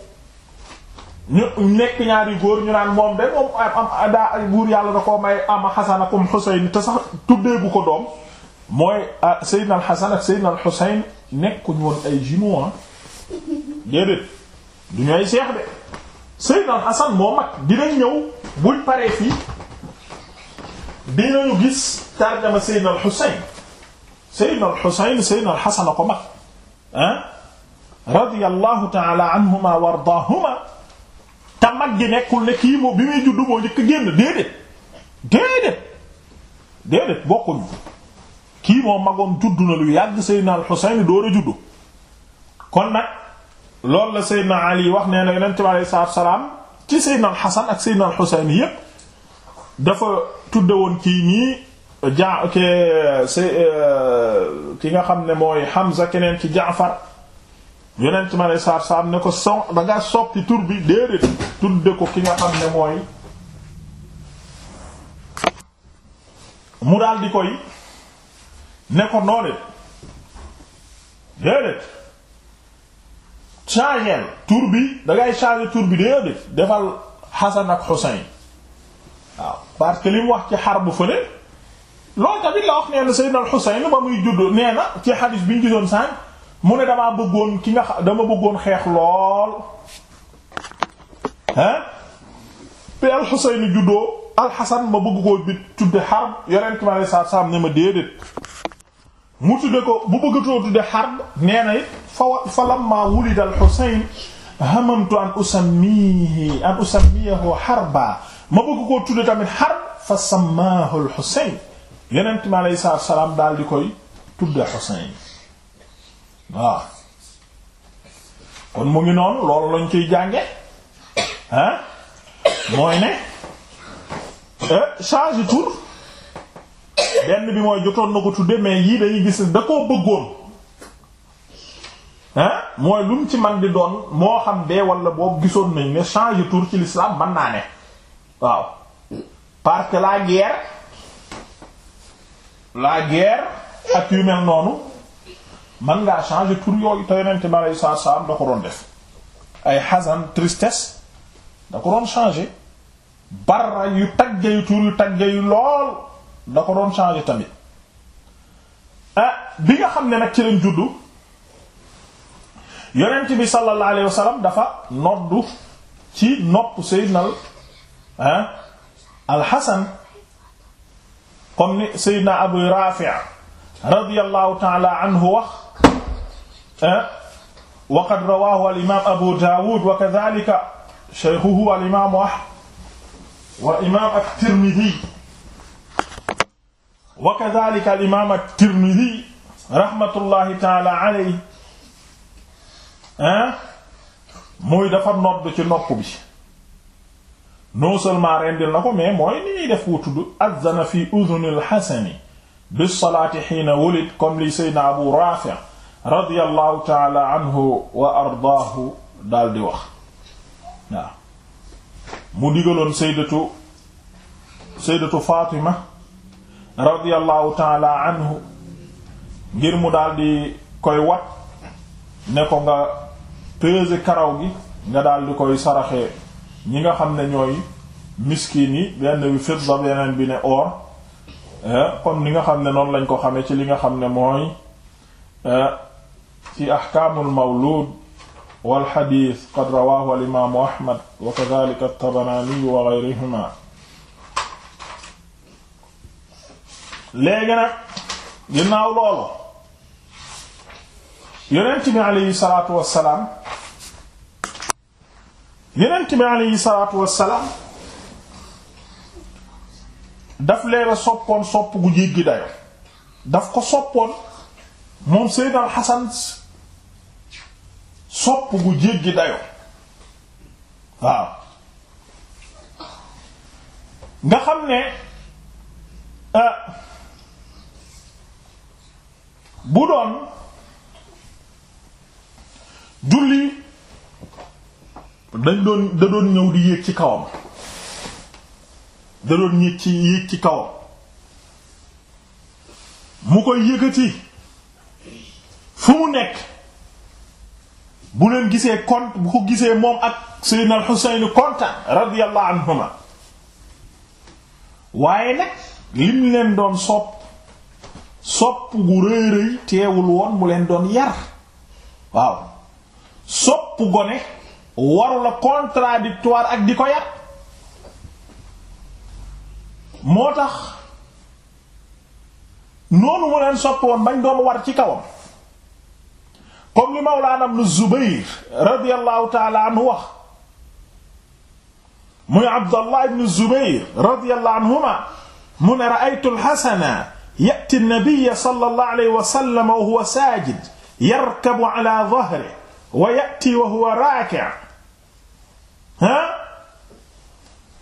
Speaker 1: ñu nekk ñaari góor ñu naan moom de moom am ay buur yàlla da koo may ama xasanakum xusayn te sax tuddee bu ko doom mooy ah, Seydina al Xasan ak Seydina al Xusayn nekkuñu ay jumeaux ah déedéet du ay seex de Seydina al Xasan moo mag dinañ ñëw buñ paree fii dinañu gis tarjama Seydina al Xusayn Seydina al Xusayn Seydina al Xasan a ko mag ah anhuma wa ardaahuma te mag gi nekkul ne kii bi muy juddu moo njëkk génn déedéet déedéet déedéet bokkuñu kii moo magoon juddu na lu yàgg Seydina al-Husayn door a juddu kon nag loolu la Seydina Ali wax nee na Yonent bi wa salaam ci Seydina al-Hasan ak Seydina al-Husayn dafa tudde woon kii ñii ja ke eh, ki nga xam ne mooy Hamza keneen ci Jaafar yonent ma lay saar saar ne ko so da soppi tur bi déedéet tudde ko ki nga xam ne mooy mu daal di koy ne ko noonu déedéet changer tur bi dangay ngay changer tur bi déedéet defal Hasan ak Husayn waaw parce que li wax ci xar bu fële loolu tamit la wax nee na Sayyidna Husayn ba muy judd nee na ci hadith bi ñu gisoon mu ne damaa bëggoon dama bëggoon xeex lool hein bi alxuseyn juddoo alxasan ma bëgg koo bi tudde xarb yonent mi aleyhi salaatu salaam ne ma déedéet mu tudde ko bu bëggatoo tudde xarb nee fa fa lamma wulida alxuseyn hamamtu an usammihi an usammiyahu xarba ma bëgg koo tudde tamit xarb fa sammaahu alxuseyn yonent mi aleyhi salaatu salaam daal di koy tudde xuseyn waaw kon mu ngi noonu loolu lañ ciy jànge ah mooy ne euh, change tour benn bi mooy jotoon na ko tudde mais yii dañuy gis da koo bëggoon ah mooy lu mu ci man di doon moo xam dee wala boobu gisoon nañ ne change tour ci l'islam mën naa ne waaw parce que la guerre la guerre ak yu mel noonu man ngaa changer tur yooyu ta yonent bi aleyhi salaatu salaam da ko doon def ay xasan tristesse da ko doon changer barra yu tagge yu tur yu tagge yu lool da ko doon changer tamit ah bi nga xam ne nag ci lañ juddu yonent bi sallallahu alayhi wa dafa noddu ci nopp seydinal ah alxasan comme ni seydina abu rafi' radiyallahu ta'ala anhu wax waqad rawaahu al-imaam Abu Daawud wa kazaalika shaykhuhu al-imaam Ahmad wa imaam at-Tirmidhi wa kazaalika al-imaam at-Tirmidhi rahmatullahi ta'aala alayhi ah muy dafa nodd ci nopp bi non seulement rendil na ko mais mooy ni ñuy def wu tudd azana fi udhunil Hasani bis-salaati hiina wulid comme li Sayyidina Abu Raafi' radiyallahu taala anhu wa ardaahu daldi wax waaw mu digaloon saydatu saydatu Fatima radiyallahu taala anhu ngir mu daldi koy wat ne ko nga peser karaw gi nga daldi koy saraxe ñi nga xam ne ñooy miskin yi benn bi fidda beneen bi ne or eh, comme ni nga xam ne noonu lañ ko xamee ci li nga xam ne mooy eh, ci axkaamul mawluud wal xadiis qad rawaahu al imaamu Ahmad wa kazaalika at-Tabaraani wa gayrihimaa léegi nag ginnaaw loolu yonent bi aleyhi salaatu daf leena soppoon sopp gu jéggi daf ko soppoon moom Seydina Xasan sopp gu jéggi dayo waaw nga xam ne euh, bu doon julli dañ doon da doon ñëw di yéeg ci kawam da doon yéeg ci yéeg ci kawam mu koy yëkkati fu mu nekk bu leen gisee kont bu ko gisee moom ak Seydina al Xuseyn kontaan radiyallahu anhuma waaye nag lim leen doon sopp sopp gu rëy rëy teewul woon mu leen doon yar waaw sopp gone waru la contradictoire ak di ko yar moo tax noonu mu leen sopp woon bañ doon war ci kawam comme li Mawlaana ibn Zubayr radiyallahu ta'ala anhu wax muy Abdallah ibn Zubayr radiyallahu anhuma mu ne ra'aytu al-Hasana ya'ti an-nabiyya sallallahu alayhi wa sallam wa huwa saajid yarkabu ala dhahrihi wa ya'ti wa huwa raaki'un ha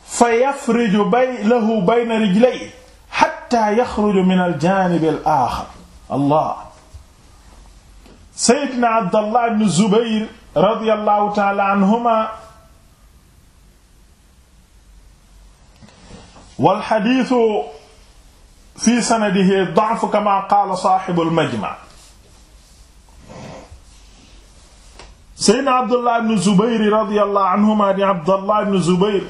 Speaker 1: fayafriju lahu bayna rijlayhi hatta yakhruju min al-jaanib al-aakhar Allah seydna abdallah ibn zubayr radiyallahu taala anhuma walxadiisu fi sanadihi da'f kama qaala saaxibul majma seydna abdallah ibn zubayr radiyallahu anhuma di abdallah ibn zubayr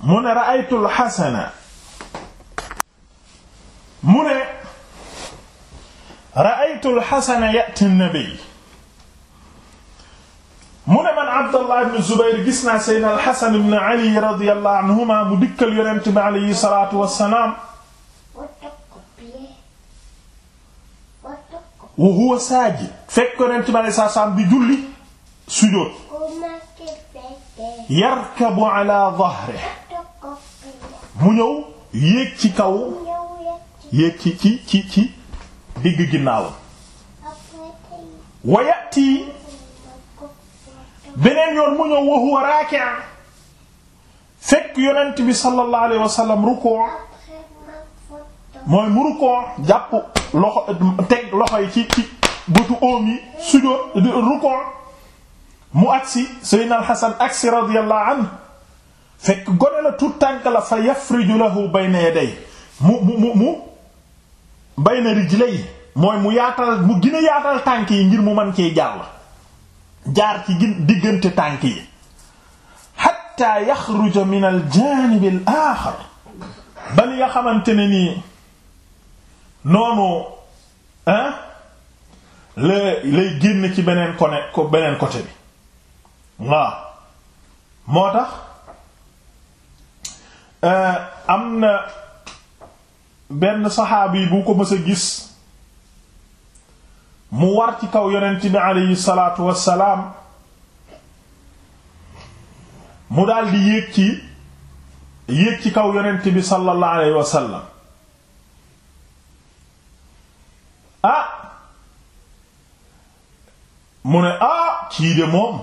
Speaker 1: mu ne ra'aytu alxasana mu ne ra'aytu al-Hasan ya'ti an-nabi mu ne man Abdallah ibn Zubayr gis naa Seydina al-Hasan ibn Ali radiyallahu anhuma mu dikkal Yonent bi alayhi salaatu wassalaam wa huwa saajid fekk Yonent bi alayhi salaatu wassalaam bi julli sujóot yarkabu ala dhahrihi mu ñëw yéeg ci kaw yéeg ci ci ci ci digg ginnaawam wayati beneen yoon mu ñëw wa huwa raaki'a fekk yonent bi sallallahu alayhi wa sallam mooy mu rukkoo jàpp loxo teg loxo yi ci ci bëtu oom yi sujóot rukkoo mu agsi sayyidina al-Hasan agsi radiyallahu anhu fekk gone la fa yafriju lahu bayna yaday mu mu mu bayna rijlay mooy mu yaatal mu gën yaatal tànk yi ngir mu mën cee jàll jaar ci diggante tànk yi hatta yaxruja min al janib al axar ba nga xamante ne nii noonu ah lay génn ci beneen côté ko beneen côté bi waaw moo tax euh, am na benn saxaabi bu ko mës gis mu war ci kaw yonent bi aleyhi salaatu wassalaam mu daldi yéeg ci yéeg ci kaw yonent bi sallallahu alayhi wasallam ah mu ne ah kii de moom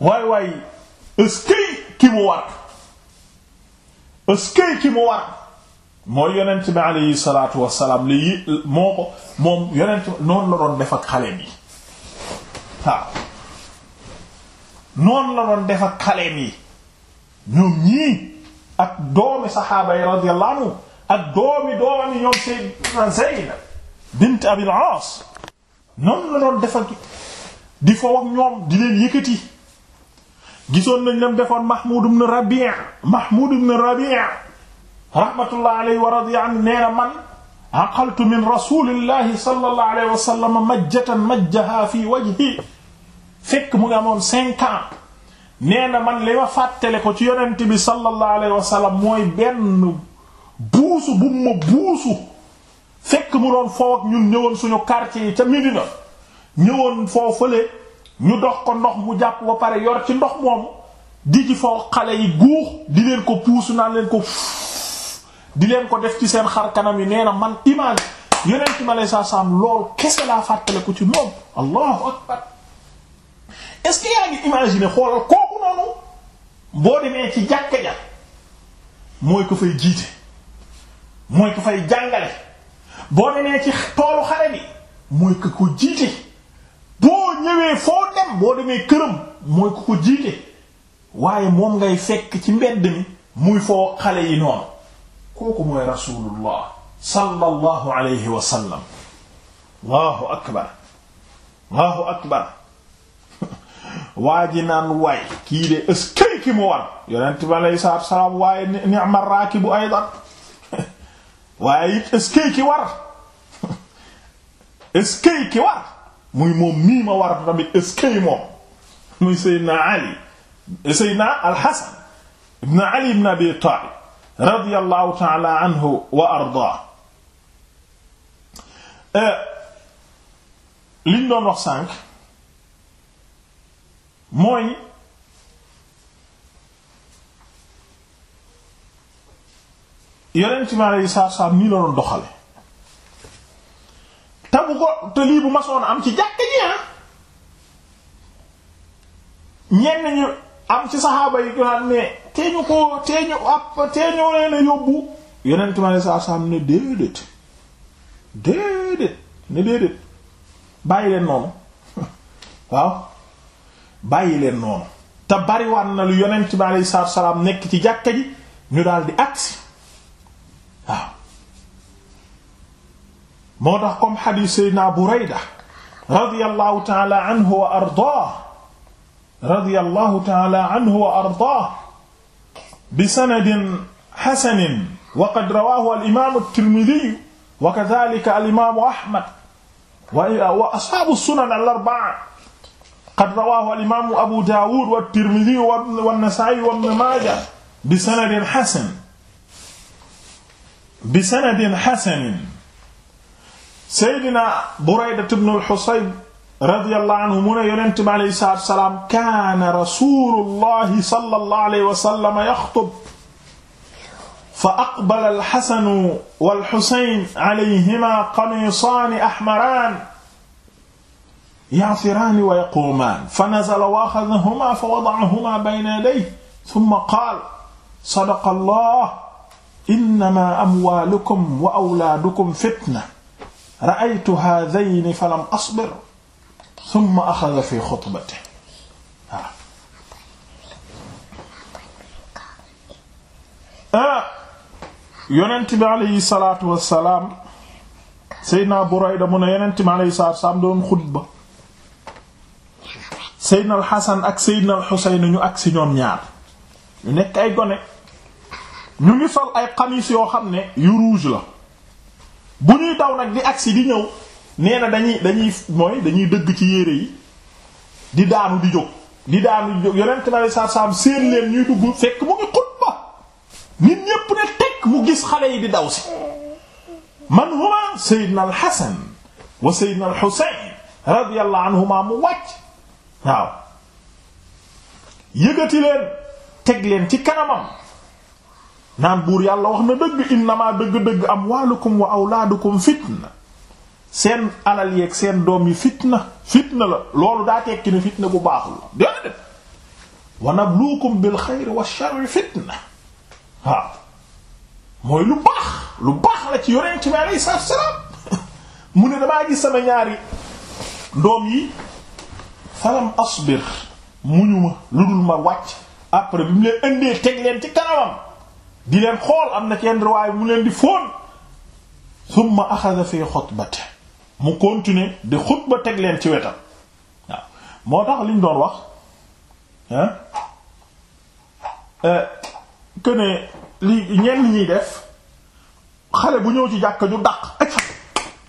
Speaker 1: waay waay ëskey ki mu war ëskey ki mu war mooy yonent bi alayhi salaatu wassalaam la yi moo moom yonent noon la doon defak ak xaleem yi waaw noonu yi ñii ak doomi saxaaba yi radiyallahu anhu ak doomi doomi ñoom sayyidina Zaynab bint Abil Aas la doon def di fo ak ñoom di leen yëkkati gisoon nañ lam defoon Mahmoud ibn Rabi' Mahmoud ibn Rabi' rahmatullah alayhi wa radiya anhu nee na man aqaltu min rasulillahi sallallahu alayhi wa sallam majjatan majjaha fi wajhi fekk mu ngi amoon cinq ans nee na man li ma fàttale ko ci yonent bi sallallahu alayhi wa sallam mooy benn buusu bu ma buusu fekk mu doon foo ak ñun ñëwoon suñu quartier yi ca Médina ñëwoon foo fële ñu dox ko ndox mu jàpp ba pare yor ci ndox moomu di foo xale yi guux di leen ko puusu naan leen ko di leen ko def ci seen xar kanam yi nee na man image yonent mi aleyhi salaatu salaam loolu kese laa fàttaliku ci moom allahu akbar est-ce que yaa ngi imaginer xoolal kooku noonu boo demee ci jàkka ja mooy ko fay jiite mooy ko fay jàngale boo demee ci toolu xare bi mooy ko ko jiite boo ñëwee foo dem boo demee këram mooy ko ko jiite waaye moom ngay fekk ci mbedd mi muy foo xale yi noonu kooku mooy rasulullah sallallahu alayhi wa sallam allahu akbar allahu akbar waa ji naan waay kii de ëskay ki mu war yonent bi alayhi salaatu wasalaam waaye ni'ma raakibu aydan waaye it ëskay ki war ëskay ki war muy moom mii ma war tamit ëskay moom muy Seydina Ali Seydina Al Hasan ibn Ali ibn Abi Talib radiyallahu taala anhu wa ardaa eh, liñ wax sànq mooy yonent mi alayhi salaatu salaam nii la doon doxale te bu ko te lii bu masoon am ci jàkk ji ah ñenn ñu am ci saxaaba yi naan ne tee ko tee ñu ab tee ñoo leen a yóbbu yonent ma ne saa saam ne déedéet déedéet ne déedéet bàyyi noonu waaw bàyyi leen noonu te bariwaan salaam nekk ci jàkka ji ñu daal di agsi moo tax comme xadiis Seydina Burayda radiyallahu ta'ala anhu wa ardaa radiyallahu ta'ala anhu wa ardaahu bi sanadin hasanin wa qad rawaahu al-imaamu at-Tirmidhi wa kadhaalika al-imaamu Ahmad wa ashaabu sunan al-arba'a qad rawaahu al-imaamu Abu Daawud wa at-Tirmidhi wa an-Nasaa'i wa ibn Maajah bi sanadin hasan bi sanadin hasan sayyidina Burayda ibn al-Husayb radiyallahu anhu mu ne yonent bi alayhi salaatu wasalaam kaana rasuulullahi sallallahu alayhi wa sallam yaxtub fa aqbala alxasanu walxusayn alayhima qamiisaani ahmaraan ya'firaani wa yaquumaan fa nazala wa axadahumaa fa wada'ahumaa bayna yadayhi summa qaala sadaqa allah innamaa amwaalukum wa awlaadukum fitna ra'aytu haadayni falam asbir summa axada fi xutbati waaw ah, yonent bi aleyhi salaatu wassalaam seydna Burayda mu ne yonent bi aleyhi salaatu wassalaam doon xutba seydna alxasan ak seydna alxuseyn ñu agsi ñoom ñaar ñu nekk ay gone ñu ngi sol ay xamis yoo xam ne yu rouge la bu ñuy daw nag di agsi di ñëw nee na dañuy dañuy mooy dañuy dëgg ci yére yi di daanu di jóg di daanu di jóg yonent bi alei satu salaam dugg fekk mu ngi xutba nit ñépp ne teg mu gis xale yi di daw si man huma seydna al hasan wa seydna al husayn radiyallahu anhuma mu wàcc yëgati leen teg ci kanamam naan buur yàlla wax na dëgg innama dëgg-dëgg amwaalukum wa awlaadukum fitna seen alal yeeg seen doom yi fitna fitna la loolu daa tekki ne fitna bu baaxul la déedéet wa nabluukum bil xayri wa sharri fitna salaam mu ne damaa gis sama ñaari doom yi falam asbir muñu ma lu dul ma wàcc après bi mu leen indee teg leen ci kanamam di leen xool am na ci yenn mu leen di fóon thumma axada fi xutbatihi mu continuer di xutba teg leen ci wetam waaw moo tax liñ doon wax hein euh, que ne li ñenn ñiy def xale bu ñëw ci jàkka ñu dàq aj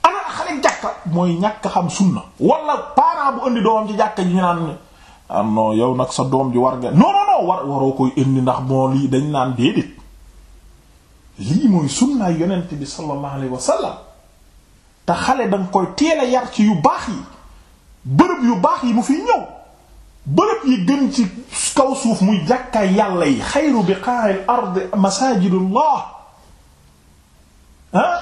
Speaker 1: ana xale jàkka mooy ñàkk xam sunna walla parent bu indi doomam ci jàkka ji ñu naan ah non yow nag sa doom ji war nga non non war waroo koy indi ndax moo lii dañ naan déedéet lii mooy sunnaay yonent bi sallallahu alayhi wa sallam te xale danga koy teel a yar ci yu baax yi bërëb yu baax yi mu fi ñëw bërëb yi gën ci kaw suuf muy jàkkaay yàlla yi xayru biqa'il ard masajidullah ah?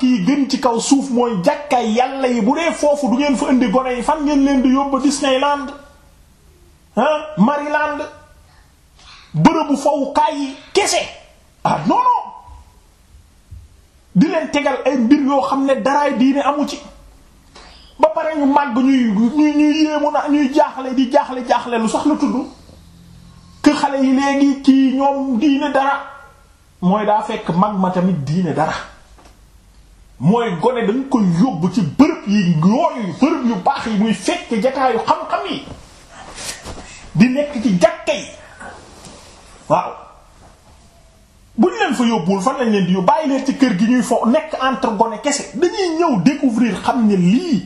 Speaker 1: yi gën ci kaw suuf mooy jàkkaay yàlla yi bu dee foofu du ngeen fa indi gone yi fan ngeen leen di yóbbu Disneyland ah Maryland bërëbu fawukaay yi kese ah di leen tegal ay mbir yoo xam ne daraay diine amu ci ba pare ñu màgg ñuy ñuy ñuy yéemu na ñuy jaaxle di jaaxle jaaxle lu sax la tudd que xale yi léegi kii ñoom diine dara mooy daa fekk mag ma tamit diine dara mooy gone dañ koy yóbbu ci bërëb yi yooyu bërëb yu baax yi muy fekk jataayu xam-xam yi di nekk ci jàkke yi waaw buñ leen fa yóbbuwul fan lañ leen di yóbbu bàyyi leen ci kër gi ñuy fo nekk entre gone kese dañuy ñëw découvrir xam ne lii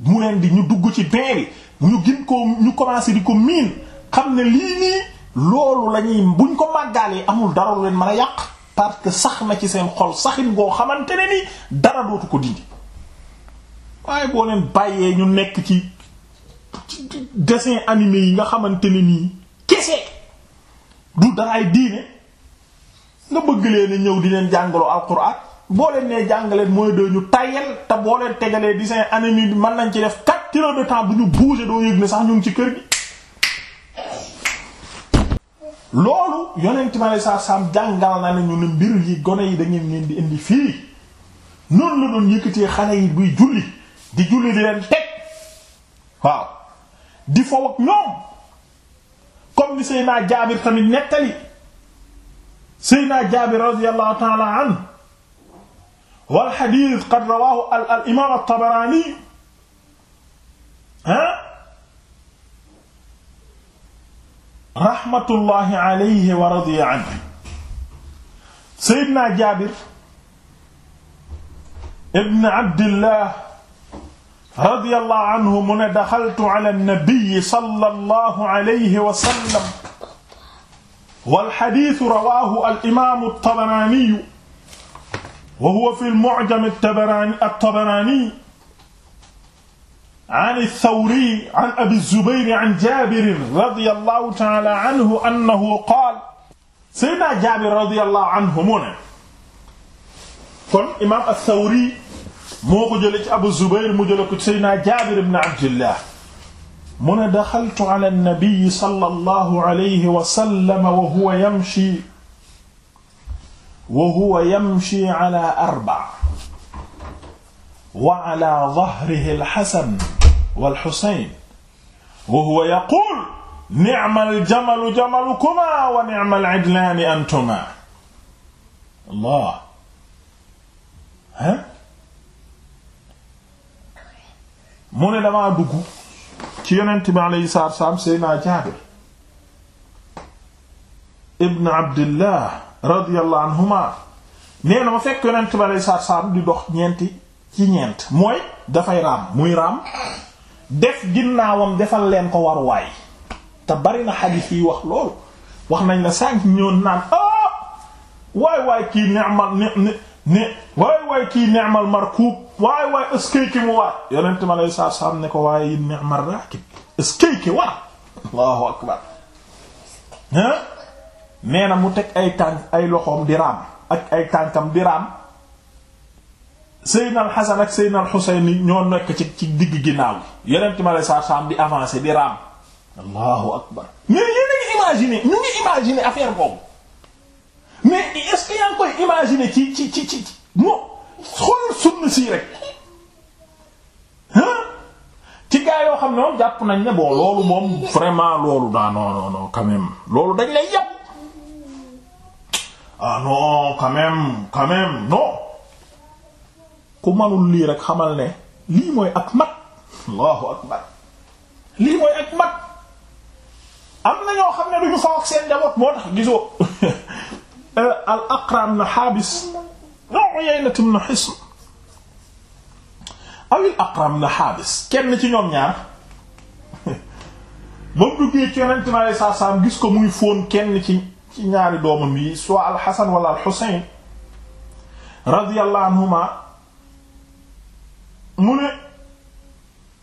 Speaker 1: mu leen di ñu dugg ci bain bi ñu gin ko ñu commencé di ko miin xam ne lii nii loolu lañuy buñ ko màggaalee amul dara lu leen mën a yàq parce que sax na ci seen xol saxin goo xamante ne ni dara dootu ko dindi waaye boo leen bàyyee ñu nekk ci dessin animé yi nga xamante ne nii kese du daraay diine nga bëgg leen ñëw di leen jàngaloo alquran boo leen nee jàngaleen mooy de ñu tayel te boo leen tegalee dessin animé bi mën nañ ci def quatre heures de temps bu ñu bouger doo yëg ne sax ñu ngi ci kër gi. loolu yonent ma ne saa saam jàngal na ne ñu ne mbir yi gone yi da ngeen leen di indi fii noonu la doon yëkkatee xale yi buy julli di julli di leen teg waaw di fow ak ñoom comme ni Seydina Jaabir tamit nettali. Seydina Jaabir radiyallahu ta'ala anhu wal hadiis qad rawaahu al al imaam at-Tabaraani ah rahmatullahi alayhi wa radiya anhu Seydina Jaabir ibn Abdillah radiyallahu anhu mu ne daxaltu ala an-nabi sallallahu alayhi wa sallam wal xadiis rawaahu al imaamu Tabaraani wa huwa fi al-Mu'jam at-Tabaraani an ath-Thawri an Abi Zubayr an Jaabir radiyallahu ta'aala anhu annahu qaala Seydina Jaabir radiyallahu anhu mu ne kon imaam ath-Thawri moo ko jëlee ci Abu Zubayr mu jëlee ko Seydina Jaabir ibn Abdillah mu ne daxaltu ala nabiyi sallallahu alayhi wa sallam wa huwa yamshi wa huwa yamshi ala arba wa ala dahrihi alxasan walxusayn wa huwa yaquul nicma aljamalu jamalukuma wa nicma alcidlaani antuma allah ha mu ne damaa dugg ci yonent bi alayhi salaatu wassalaam seydna jaabir ibn abdillah radiyallahu anhuma nee na fekk yonent bi alayhi salaatu wassalaam di dox ñeenti ci ñeent mooy dafay raam muy raam def ginnaawam defal leen ko waruwaay te bari na xadiis yi wax loolu wax nañ la sànq ñoon naan ah waay kii ni'mal ni ni waay waay kii ni'mal markuub waay waay ëskay ki mu war yonent ma lay saar saam ne ko waaye yi ni'mar raakib ëskay ki war allahu akbar nee na mu teg ay tànk ay loxoom di raam ak ay tànkam di ñoo nekk ci ci digg ginnaaw gi yonent ma lay saar saam di avancer di raam allahu akbar mais yéen a ngi imaginer ñu ngi imaginer affaire boobu mais est-ce que ci ci ci ci moom xoolal sunna sii rek ci gaa yoo xam ne moom jàpp nañ ne bon loolu moom vraiment loolu daa non non non quand loolu dañ lay yàpp ah non quand même ku manul lii rek xamal ne lii mooy ak mat am na ñoo xam ne duñu faw ak seen njaboot moo tax gisoo euh, al aqram na xaabis non Uyayna ibn Hisn awil Aqram na Haabis kenn ci ñoom ñaar ba mu duggee ci Yonent mi alayhi salaatu gis ko muy foon kenn ci ci ñaari doomam yi soit al-Hasan wala al anhuma mu ne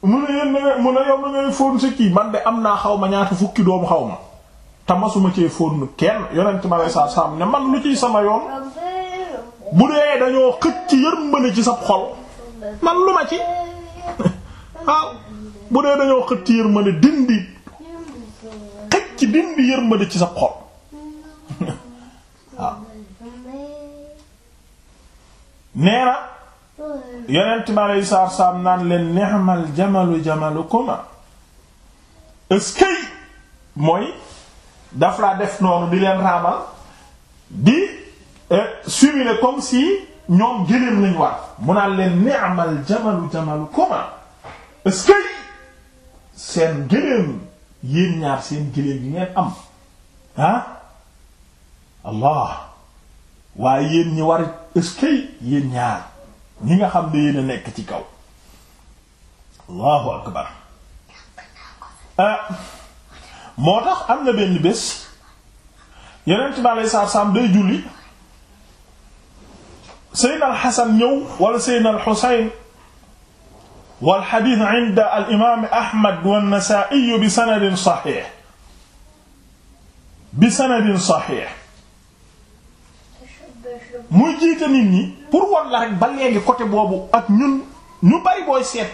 Speaker 1: mu ne yéen na mu ne ngay fóon sa kii man de am naa xaw ma ñaata fukki doomu xaw ma te masuma cee fóon kenn Yonent mi alayhi salaatu salaam ne man lu ciy sama yoon bu dee dañoo xëcc yërmande ci sab xol man lu ma ci waaw ah, bu dee dañoo xëcc yërmande dindi xëcc dindi yërmande ci sab xol waaw ah. nee na yonent mi aleyhi naan leen ni'mal jamalu jamalukuma eskay mooy daf laa def noonu di leen raamal di Euh, sumine comme si ñoom gëléem lañ war mu naan leen ni'mal jamalu jamalu comment est que seen gëléem yéen ñaar seen gëléem yi ngeen am ah allah waaye yéen ñi war est-ce ñaar ñi nga xam ne yéen nekk ci kaw allahu akbar euh, moo tax am na benn bés yeneen ci daal ay saam day julli seydna alxasan ñëw wala seydna alxusayn walxadit inda alimaami ahmad wannasaiyu bi sanadin saxix bi sanadin saxix muy jiite nit ñi pour wan la rek ba léegi côté boobu ak ñun ñu bari booy seet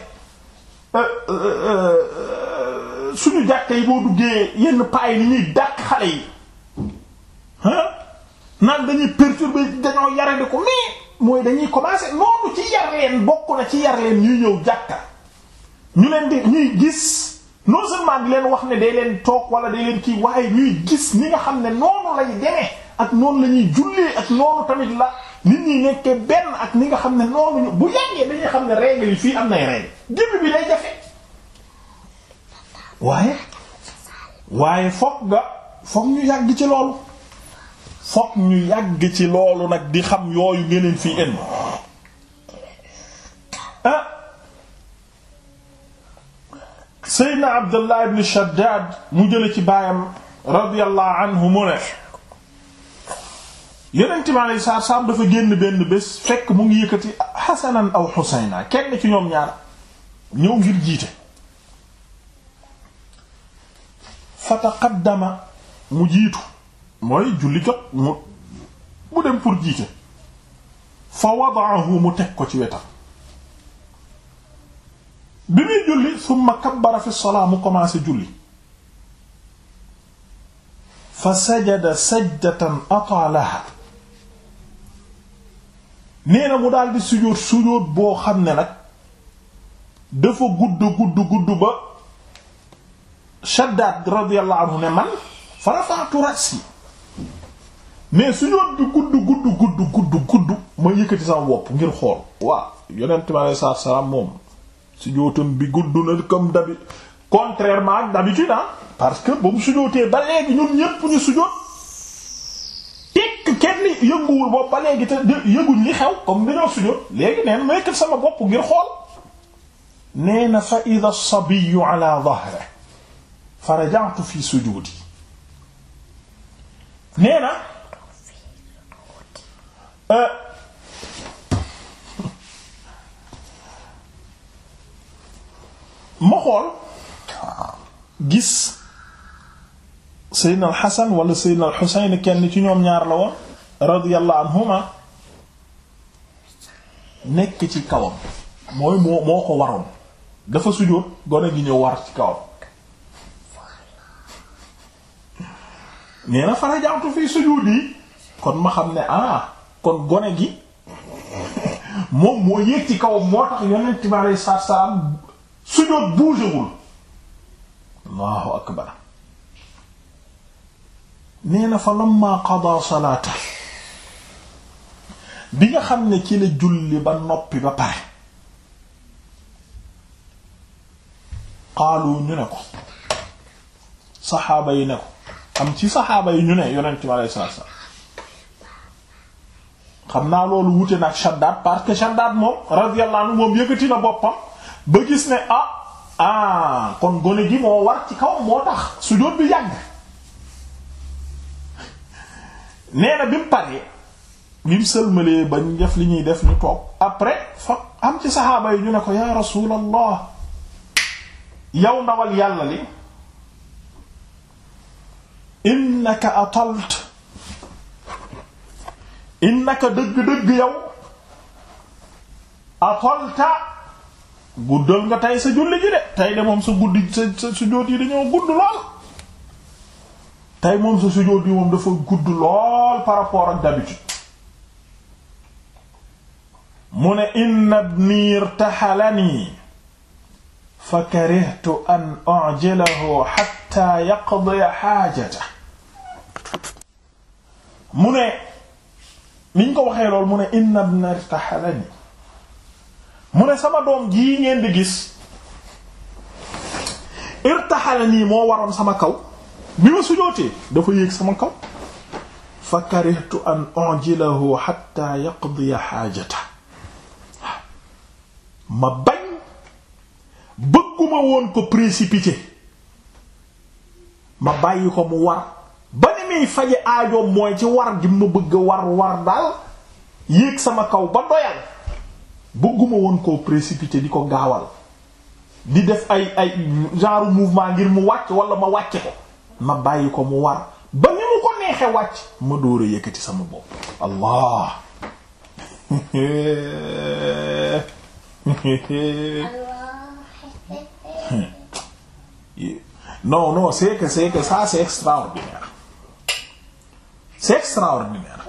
Speaker 1: euh, euh, euh, suñu jàkka yi boo duggee yenn paay ni ñuy dàq xale yi ah naan dañuy perturber dañoo yaradi ko mais mooy dañuy commencer noonu ci yar leen bokk na ci yar leen ñuy ñëw jàkka ñu leen di ñuy gis non seulement di leen wax ne day leen toog wala day leen kii waaye ñuy gis ni nga xam ne noonu lay demee ak noonu la ñuy jullee ak noonu tamit la nit ñi nekkee benn ak ni nga xam ne noonu bu yàggee dañuy xam ne règle yi fii am nay règle début bi day jafe waaye waaye foog nga foog ñu yàgg ci loolu. fokk ñu yàgg ci loolu nag di xam yooyu ngeen fi indi ah Seydina Abdullah ibn Shaddad mu jële ci baayam radiyallahu anhu mu ne yenenti ma lay saar saam dafa génn benn bés fekk mu ngi yëkkati xasanan aw xusayna kenn ci ñoom ñaar ñëw ngir jiite fa taqaddama mu jiitu mooy julli jot mu mu dem pour jiite fa wadaahu mu teg ko ci wetam bi muy julli summa kabbara fi salaa mu commencé julli fa sajada sajdatan atalaha nee na mu daal di sujóot sujóot boo xam ne nag dafa gudd gudd gudd ba Shaddaad radiyallahu anhu ne man fa rafa'tu ra'si mais sujóot bi gudd gudd gudd gudd ma yëkkati sama bopp ngir xool waa yonent mi alei salaatu salaam moom bi gudd na comme dabi contrairement ak d'habitude ah parce que ba mu sujóotee ba léegi ñun yëpp ñu sujóot tekk kenn yënguwul bopp ba léegi te yëguñ li xew comme dañoo sujóot léegi neen ma yëkkati sama bopp ngir xool nee na fa ida sabiyu ala dahre fa raja'tu fi sujudi nee Euh. ma xool gis seydna al xasan wala seydna al xuseyn kenn ci ñoom ñaar la woon radiyallahu anhuma nekk ci kawam mooy moo moo ko waroon dafa sujjóot gone gi ñëw war ci kawam nee na farajaatu fi sujjóot yi kon ma xam ne ah kon gone gi moom moo yéeg ci kaw moo tax yonent bi alayhi salaatu salaam suñu bougéwul allahu akbar nee na fa lamma qada salaata bi nga xam ne ci la julli ba noppi ba pare qaalu ñu ne ko saxaaba yi ne ko am ci saxaaba yi ñu ne yonent bi alayhi salaatu salaam xam naa loolu wute nag Shaddad parce que Shaddad moom radiyallahu anhu moom yëkkati na boppam ba gis ne ah ah kon gone gi moo war ci kaw moo tax sujóot bi yàgg nee na bi mu paree bi mu sëlmalee bañ def li ñuy def ñu toog après fa am ci saxaaba yi ñu ne ko ya rasulallah yow ndawal yàlla li innaka atalt innaka dëgg-dëgg yow atolta guddal nga tey sa julli ji de tey de moom sa guddi sa sa sujóot yi dañoo gudd lool tey moom sa sujóot yi moom dafa gudd lool par rapport ak d'habitude mu ne inna ibni irtahalani fa karihtu an u'jilahu hatta yaqdiya haajatahu niñ ko waxee mu ne inna ibna irtahalani mu ne sama doom jii ngeen di gis irtahalani moo waroon sama kaw bi ma sujootee dafa yéeg sama kaw fa karihtu an onjilahu hatta yaqdiya ma bañ bëgguma woon ko précipité ma bàyyi ko mu war ba ni muy faje aajoom mooy ci war gi ma bëgg war war daal yéeg sama kaw ba doyal bëgguma woon koo précipité di ko gaawal di def ay ay genre mouvement ngir mu wàcc wala ma wàcce ko ma bàyyi ko mu war ba ni mu ko neexee wàcc ma dóor a yëkkati sama bopp allah non non c'est que c'est que ça c'est c'est extraordinaire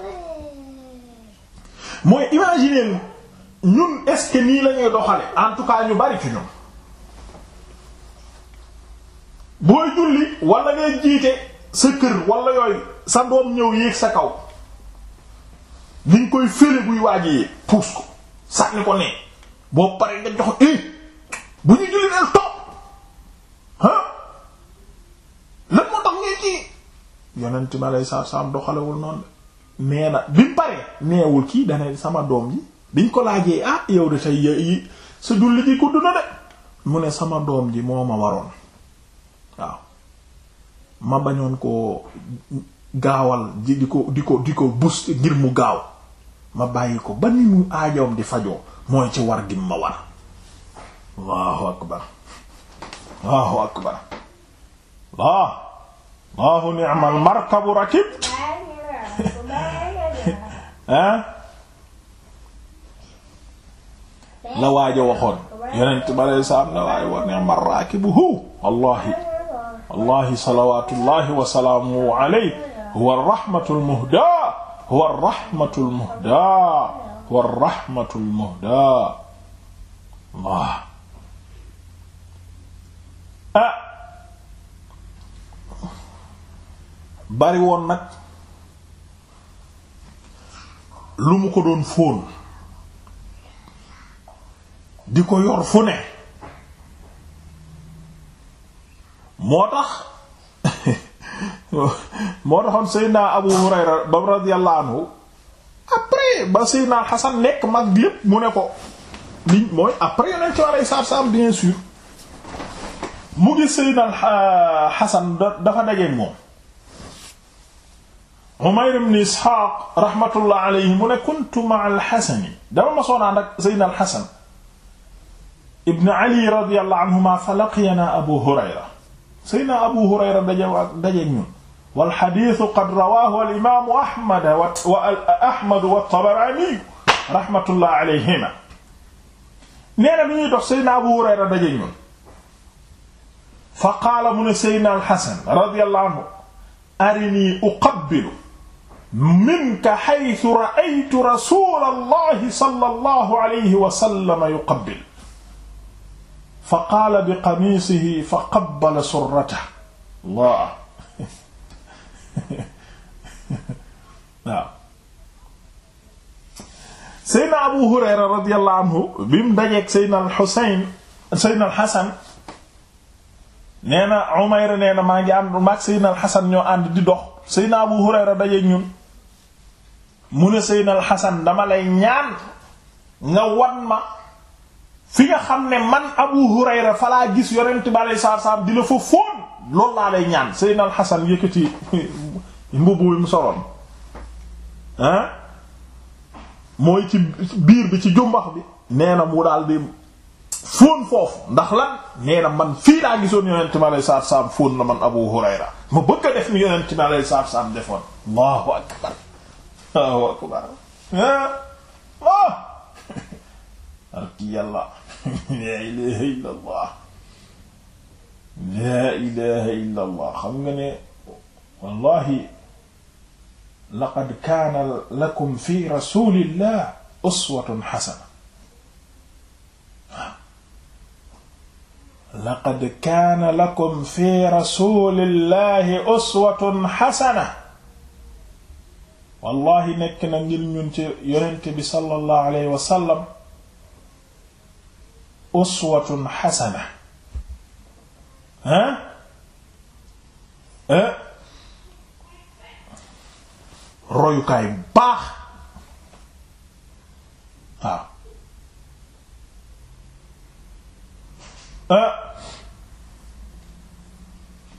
Speaker 1: mooy imaginer ñun est-ce nii la doxale en tout cas ñu bari ci ñun booy julli wala ngay jiite sa kër wala yooyu sa doom ñëw yéeg sa kaw ni koy fële buy waajee puus ko sànni ko nee boo pare nga jox ko eh, bu ñu julli del topp ah lan moo tax ngay yonent mi aleyhi salaatu salaam doxalewul noonu nee na bi mu paree neewul kii dane sama doom ji biñ ko laajee ah yow de tey yi sa julli ji gudd na de mu ne sama doom ji moo ma waroon waaw ma bañoon koo gaawal ji di ko di ko di ko boost ngir mu gaaw ma bàyyi ko ba ni mu aajoom di fajoo mooy ci war gi ma war allahu akbar allahu akbar waaw Allahu ni'mal markabu rakibt ah la waaj a waxoon yonent bi aleyhi salaam la waaj wa ni'mal raakibuhu wallaahi wallaahi salawaatullaahi wa salaamuhu alayhi huwa rahmatul muhdaa huwa rahmatul muhdaa huwa rahmatul muhdaa Allah ah. bari woon nag lu mu ko doon fóon di ko yor fu ne moo tax moo taxoon Seydina Abu Hurayra ba radiyallahu anhu après ba Seydina Xasan nekk mag bi mu ne ko liñ mooy après yoneen ci warey saar-saam bien sûr mu gis Seydina Xasan dafa dajeek moom Umayr ibn Isxaaq rahmatullah alayhi mu ne kuntu ma'a al-Hasan dama ma soonaan ak Seydina al-Hasan ibn Ali radiyallahu anhuma falaqiyanaa Abu Hurayra Seydina Abu Hurayra daje ñun wal hadiisu qad rawaahu al-imaamu Ahmad wa Ahmad wa at-Tabaraani rahmatullah alayhimaa nee na bi ñuy dox Seydina Abu Hurayra daje ñun fa qaala mu ne Seydina al-Hasan radiyallahu anhu arinii uqabbilu minka haythu ra'aytu rasulallahi sallallahu alayhi wa sallam yuqabbil fa qaala bi qamiisihi fa qabbala surratahu Allah waaw Seydina Abu Hurayra radiyallahu anhu bi mu dajeeg Seydina al-Husayn Seydina al-Hasan nee na Umayr nee na maa ngi ànd maag Seydina al-Hasan ñoo ànd di dox Seydina Abu Hurayra dajeeg ñun mu ne Seydina Al Xasan dama lay ñaan nga wan ma fi nga xam ne man Abu Hurayra fa laa gis yonent bi aleyhi salaatu salaam di la fa fóon loolu laa lay ñaan Seydina Al Xasan yëkkati mbubu bi mu soloon ah mooy ci biir bi ci jumbax bi nee na mu daal di fóon foofu ndax la nee man fii laa gisoon yonent bi aleyhi salaatu salaam fóon la man Abu Hurayra ma bëgg a def ni yonent bi aleyhi salaatu salaam defoon Allahu akbar waaw waaw kubar ah arki yàlla laa ilaha illa allah laa ilaha illa allah xam nga ne wallahi laqad kaana lakum fi rasulillah uswatun xasana waaw laqad kaana lakum fi rasulillahi uswatun xasana wallahi nekk na ngir ñun ci yonent bi sallallahu alayhi wa sallam uswatun xasana hein royukaay baax waaw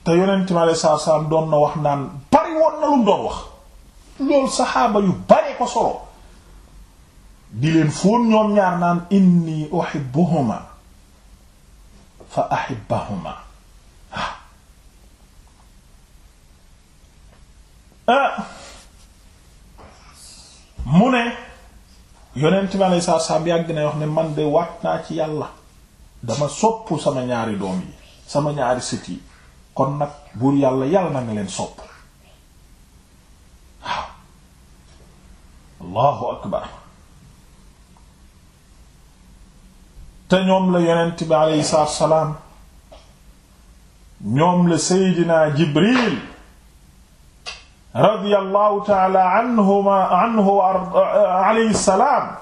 Speaker 1: te yonent mi alayhi salaatu salaam doon na wax naan bari woon na lu mu doon wax loolu saxaaba yu bare ko solo di leen fóon ñoom ñaar naan inni uhibbuhuma fa ahibbahuma ah, ah. mu ne yonent bi alei satu salaam yàgg na wax ne man de waat naa ci yàlla dama sopp sama ñaari doom yi sama ñaari sët yi kon nag buur yàlla yàlla na nga leen sopp allahu akbar te ñoom la yonent bi aleyhi salaatu salaam ñoom la seydina jibril radiyallahu taala anhuma anhu alayhi salaam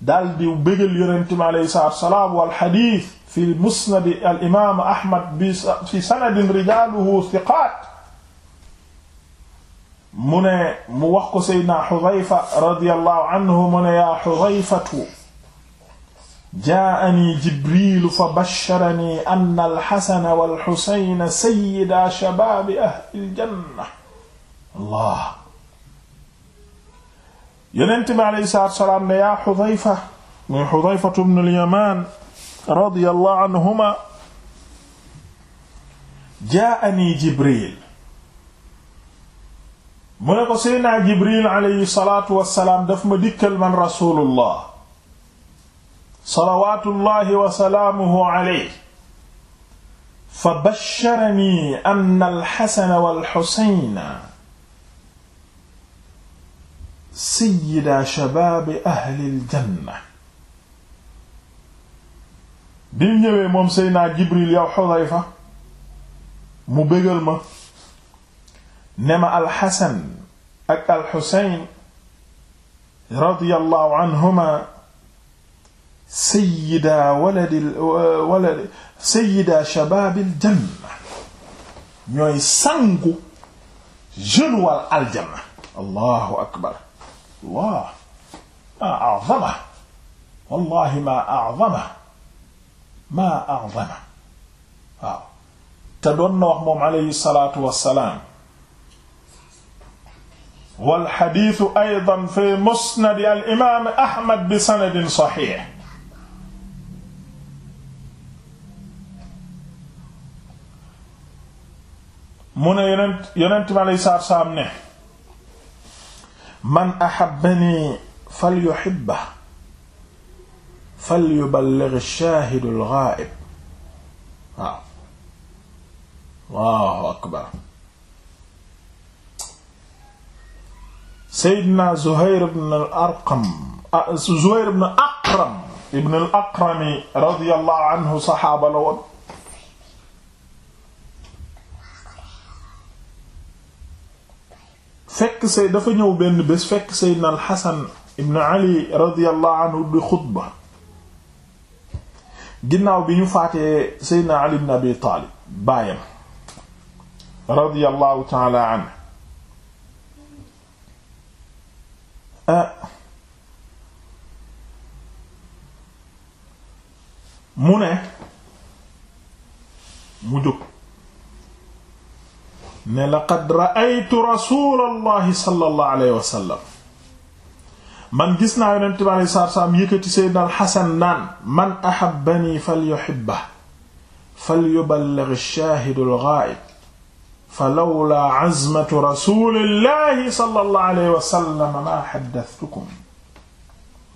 Speaker 1: daal di bégal yonent bi aleyhi salaatu salaam wal xadiis fi musnad al imaam ahmad bi fi sanadin rijaaluhu siqaat mu ne mu wax ko seydna xudayfa radiyallahu anhu mu ne yaa xudayfatu jaa'anii jibriilu fa basharanii anna alxasana walxusayna sayyidaa shabaabi ahlil janna allah yonent bi aleyhi salaatu wa salaam ne yaa xudayfa muy xudayfatu bnu alyamaan radiyallahu anhuma jaa'anii jibriil mu ne ko seydinaa jibril aleyhi salaatu wassalaam daf ma dikkal man rasulullah salawaatullahi wa salaamuhu aleyhi fa basharani anna alxasana walxusayna sayyida shabaabi ahlil janna bi ñëwee moom seydinaa jibril yow xudayfa mu bégal ma ne ma alxasan ak alxusayn radiyallahu anhuma sayida waladi waladi sayida shabaabil janna ñooy sangu jeune wal aljanna allahu akbar allah maa a'zama wallahi maa a'zama maa a'zama waaw te doon na wax moom alayhi salaatu wassalaam wal xadiisu aydan fi musnadi al imaam Ahmad bi sanadin saxiix. mu ne yonent yonent bi alayhi salaatu salaam ne man ahabbanii falyuhibbu falyuballigh ash-shaahidu al-ghaa'ib waaw Allahu akbar. Seydina Zuhayr ibn al-Arqam Zuhayr ibn Aqram ibn al-Aqrami radiyallahu anhu saxaaba la woon fekk say dafa ñëw benn bés fekk Seydina al-Hasan ibn Ali radiyallahu anhu di xutba ginnaaw bi ñu faatee Seydina Ali ibn Abi Taalib baayam radiyallahu ta'ala anhu Ah. mu ne mu jóg ne laqad ra'aytu rasulallahi sallallahu alayhi wa sallam man gis naa yonent bi alayhi salaatu salaam yëkkati sayyidina al-Hasan naan man ahabbani falyuhibbahu falyuballigh ash-shaahidu al-ghaa'ib fa lawlaa azmatu rasulillahi sallallahu alayhi wa sallam maa haddathtukum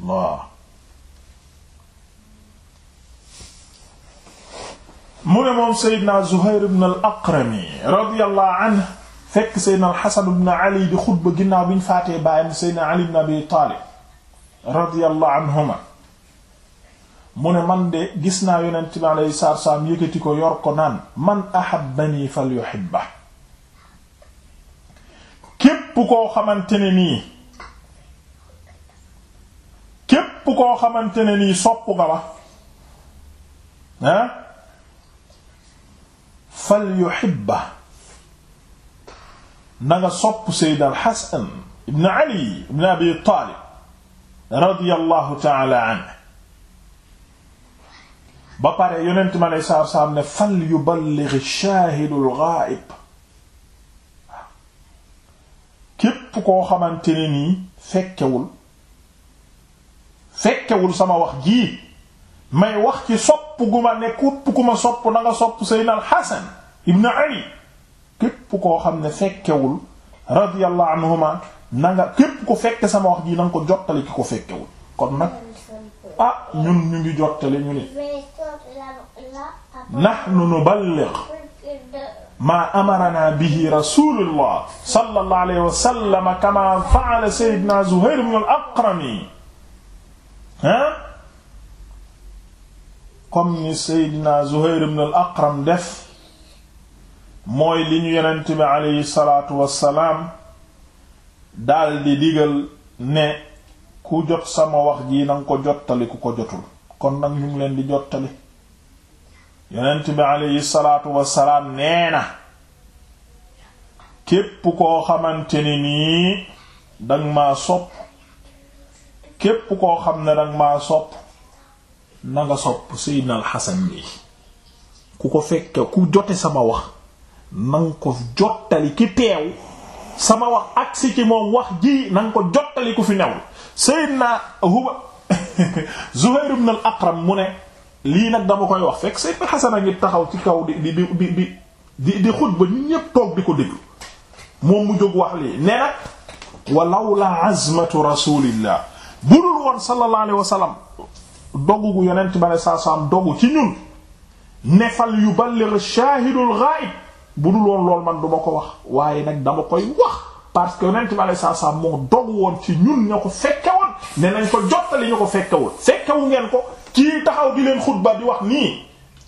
Speaker 1: Allah mu ne moom Seydina Zuhayr ibn al-Aqrami radiyallahu anhu fekk Seydina al-Hasan ibn Ali di xutba ginnaaw bi ñu faatee baayam Seydina Ali ibn Abi Taalib radiyallahu anhuma mu ne man de gis naa Yonent bi alayhi salaatu wa salaam yëkkati ko yor ko naan man ahabbanii falyuhibbahu képp koo xamante ne nii képp koo xamante ne nii sopp nga ba ah fal yuhibba na nga sopp Seyd al Hasan ibn Ali ibn Abi Taalib radiyallahu ta'ala anhu ba pare yonent ma ne saab saab ne fal yuballigh ash-shaahidul ghaa'ib képp koo xamante ne nii fekkewul fekkewul sama wax jii may wax ci sopp gu ma ne képp ku ma sopp na nga sopp Seydina al Hasan ibn Ali képp koo xam ne fekkewul radiyallahu anhuma na nga képp ku fekke sama wax jii na ko jottali ki ko fekkewul kon nag ah ñun ñu ngi jottali ñu ne nahnu nuballigh maa amarana bihi rasulullah sallallahu alayhi wa sallam kama fa'ala sayyidina Zuhayr ibn al-Aqrami ni sayyidina Zuhayr ibn al def mooy li ñu yonent bi alayhi salaatu wassalaam daldi digal ne ku jot sama wax ji nanga ko jottali ku ko jotul kon nag ñu ngi leen di jottali yonent bi aleyhi salaatu wassalaam nee na képp koo xamante ni nii danga maa sopp képp koo xam ne danga maa sopp na nga sopp Seydina al Xasan bi ku ko fekke ku jote sama wax nanga ko jottali ki teew sama wax agsi ci moom wax ji nang ko jottali ku fi newul Seydina Huba Zuhayr ibn al Aqram mu ne lii nag dama koy wax fekk Seydina Xasan a ngi taxaw ci kaw di di di di di di xutba nit ñépp toog di ko déglu moom mu jóg wax lii nee nag walaw la azmatu rasulillah bu dul woon sallallahu alayhi wa sallam dogu gu yonent ba ne saa saam dogu ci ñun nefal yuballigh shahidul ghaib bu dul woon lool man du ma ko wax waaye nag dama koy wax parce que yonent ba ne saa saam moo dogu woon ci ñun ña ko fekke woon ne nañ ko jottali ñu ko fekke woon fekkewu ngeen ko kii taxaw di leen xutba di wax nii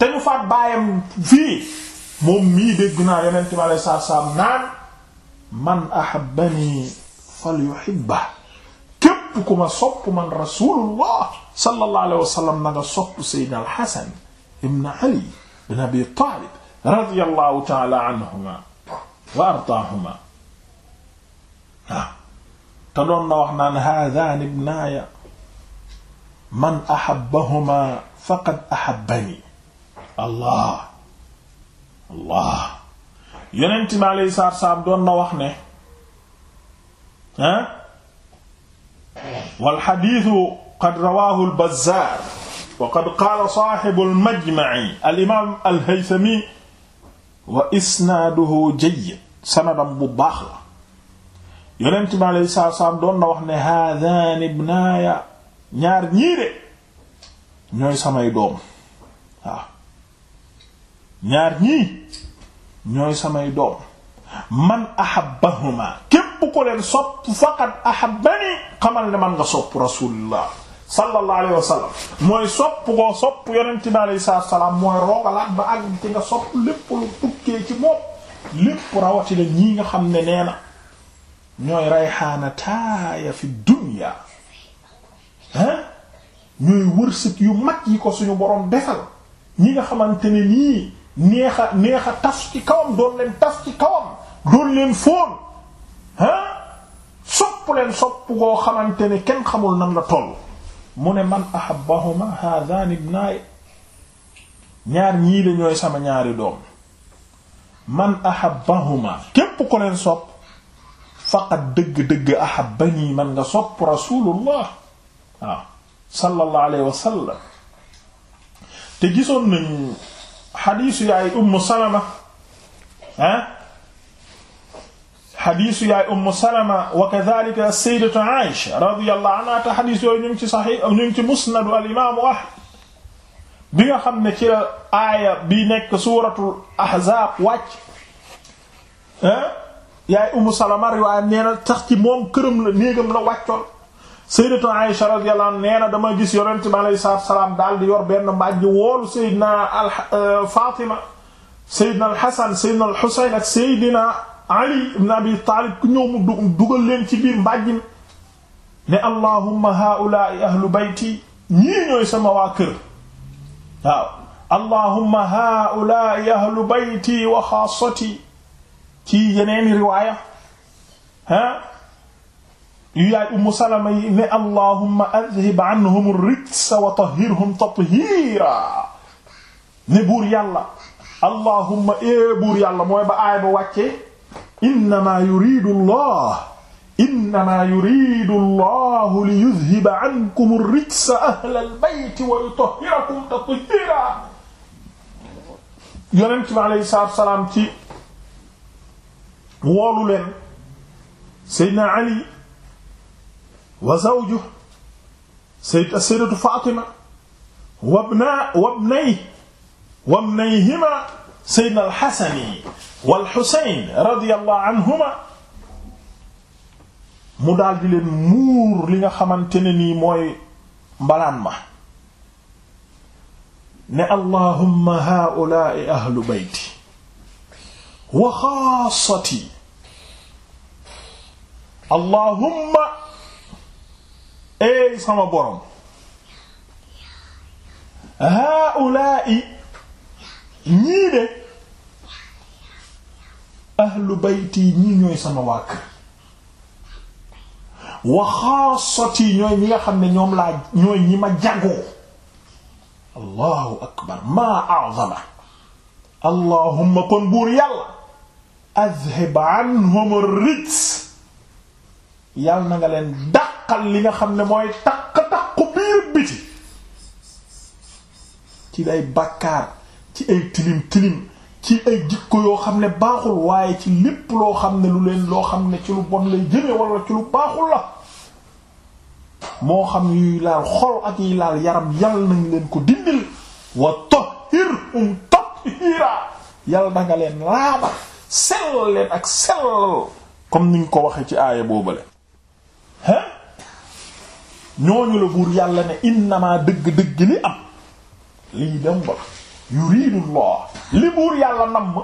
Speaker 1: te ñu faat baayam fii moom mii dégg naa yonent mi aleyhi salaatu salaam naan man ahabbani falyuhibba képp ku ma sopp man rasulullah sallallahu alayhi wa sallam na nga sopp sayyidina al-Hasan ibn Ali ibn Abi Talib radiyallahu ta'ala anhuma wa ardaahuma ah. te doon na wax naan haadhaani ibnaaya man ahabbahuma faqad ahabbani allah allah yonent bi alayhi salaatu salaam doon na wax ne ah wal xadiisu qad rawaahu al-Bazzaar wa qad qaala saaxibu al-Majmaci al-imaam al-Haythami wa isnaaduhu jayyid sanadam bu baax la yonent bi alayhi salaatu salaam doon na wax ne haadaani ibnaaya ñaar ñii de ñooy samay doom waaw ñaar ñii ñooy samay doom man ahabbahuma képp ko leen sopp faqad ahabbani xamal ne man nga sopp rasulullah sallallahu alayhi wa sallam mooy sopp koo sopp yonent bi alayhi salaam mooy roogalaat ba àgg nga sopp lépp lu tukkee ci moom lépp rawati la ñii nga xam ne nee na ñooy rayxaana taaya fi dunya ah ñooy wërsëg yu mag yi ko suñu borom defal ñi nga xamante ne nii neex a neex a tas ci kawam doon leen tas ci kawam doon leen fóon ah sopp leen sopp goo xamante ne kenn xamul nan la toll mu ne man ahabbahuma haadaan ibnaay ñaar ñii de ñooy sama ñaari doom man ahabbahuma képp ko leen sopp faqat dëgg-dëgg ahabbani man nga sopp rasulullah waaw sallallahu alayhi wa sallam te gisoon nañu xadiisu yaay ummu salama ah xadiisu yaay ummu salama wa kadhalika sayyidatu aisha radiyallahu anha te xadiis yooyu ñu ngi ci saxiix ñu ngi ci musnadu al imaamu ahmad bi nga xam ne ci aaya bi nekk suuratul ahzaab wàcc yaay ummu salama riwaayam nee na tax ci moom këram la néegam la wàccoon sayyidatu Aisha radiyallahu anha nee na dama gis yonent bi alayhi salaatu salaam daal di yor benn mbàjj woolu sayyidina al euh, Fatima sayyidina al Hasan sayyidina al Husayn ak sayyidina Ali ibn Abi Talib ku ñëw mu dugal leen ci biir mbàjj mi ne allahumma haa'ulaa'i ahlu bayti ñii ñooy sama waa kër waaw allahumma haa'ulaa'i ahlu bayti wa xaassati ci yeneen riwaaya ha yu yaay ummu salama yi ne allahumma adhib anhum ar-rijsa wa tahhirhum tathira ne buur yàlla allahumma ee eh, buur yàlla mooy ba aay ba wàccee innama yuridu allah innama yuridu allah li yudhiba ankum ar-rijsa ahla al-bayt wa yutahhirakum tathira yonent bi alayhi salaatu wa salaam ci woolu leen sayyidina ali wa zawju sayyidatu Fatima wabna wabnay wabnayhima sayyidina al-Hasan wal-Husayn radiyallahu anhuma mu daal di leen muur li nga xamante ne nii mooy mbalaan ma ne allahumma haa'ulaa'i ahlu bayti wa xaassati allahumma eey sama borom haa'ulaa'i ñii de ahlu bayti ñii ñooy sama waa kër wa xaasati ñooy ñi nga xam ne ñoom laa ñooy ñi ma jagoo allahu akbar maa a'zama allahumma kon buur yàlla adhib anhum ar yàlla na nga leen dax taqal li nga xam ne mooy takk takku biir biti ci ay bakkaar ci ay tilim tilim ci ay jikko yoo xam ne baaxul waaye ci lépp loo xam ne lu leen loo xam ne ci lu bon lay jëme wala ci lu baaxul la moo xam yuy laal xol ak yi laal yaram na nañ leen ko dindil wa tahhirhum tatheera yàlla da nga leen laaba sellal leen ak sellal comme ni ko waxee ci aaya boobale hein ñooñu la buur yàlla ne innamaa dëgg-dëgg li am lii dem ba yuridullah li buur yàlla namm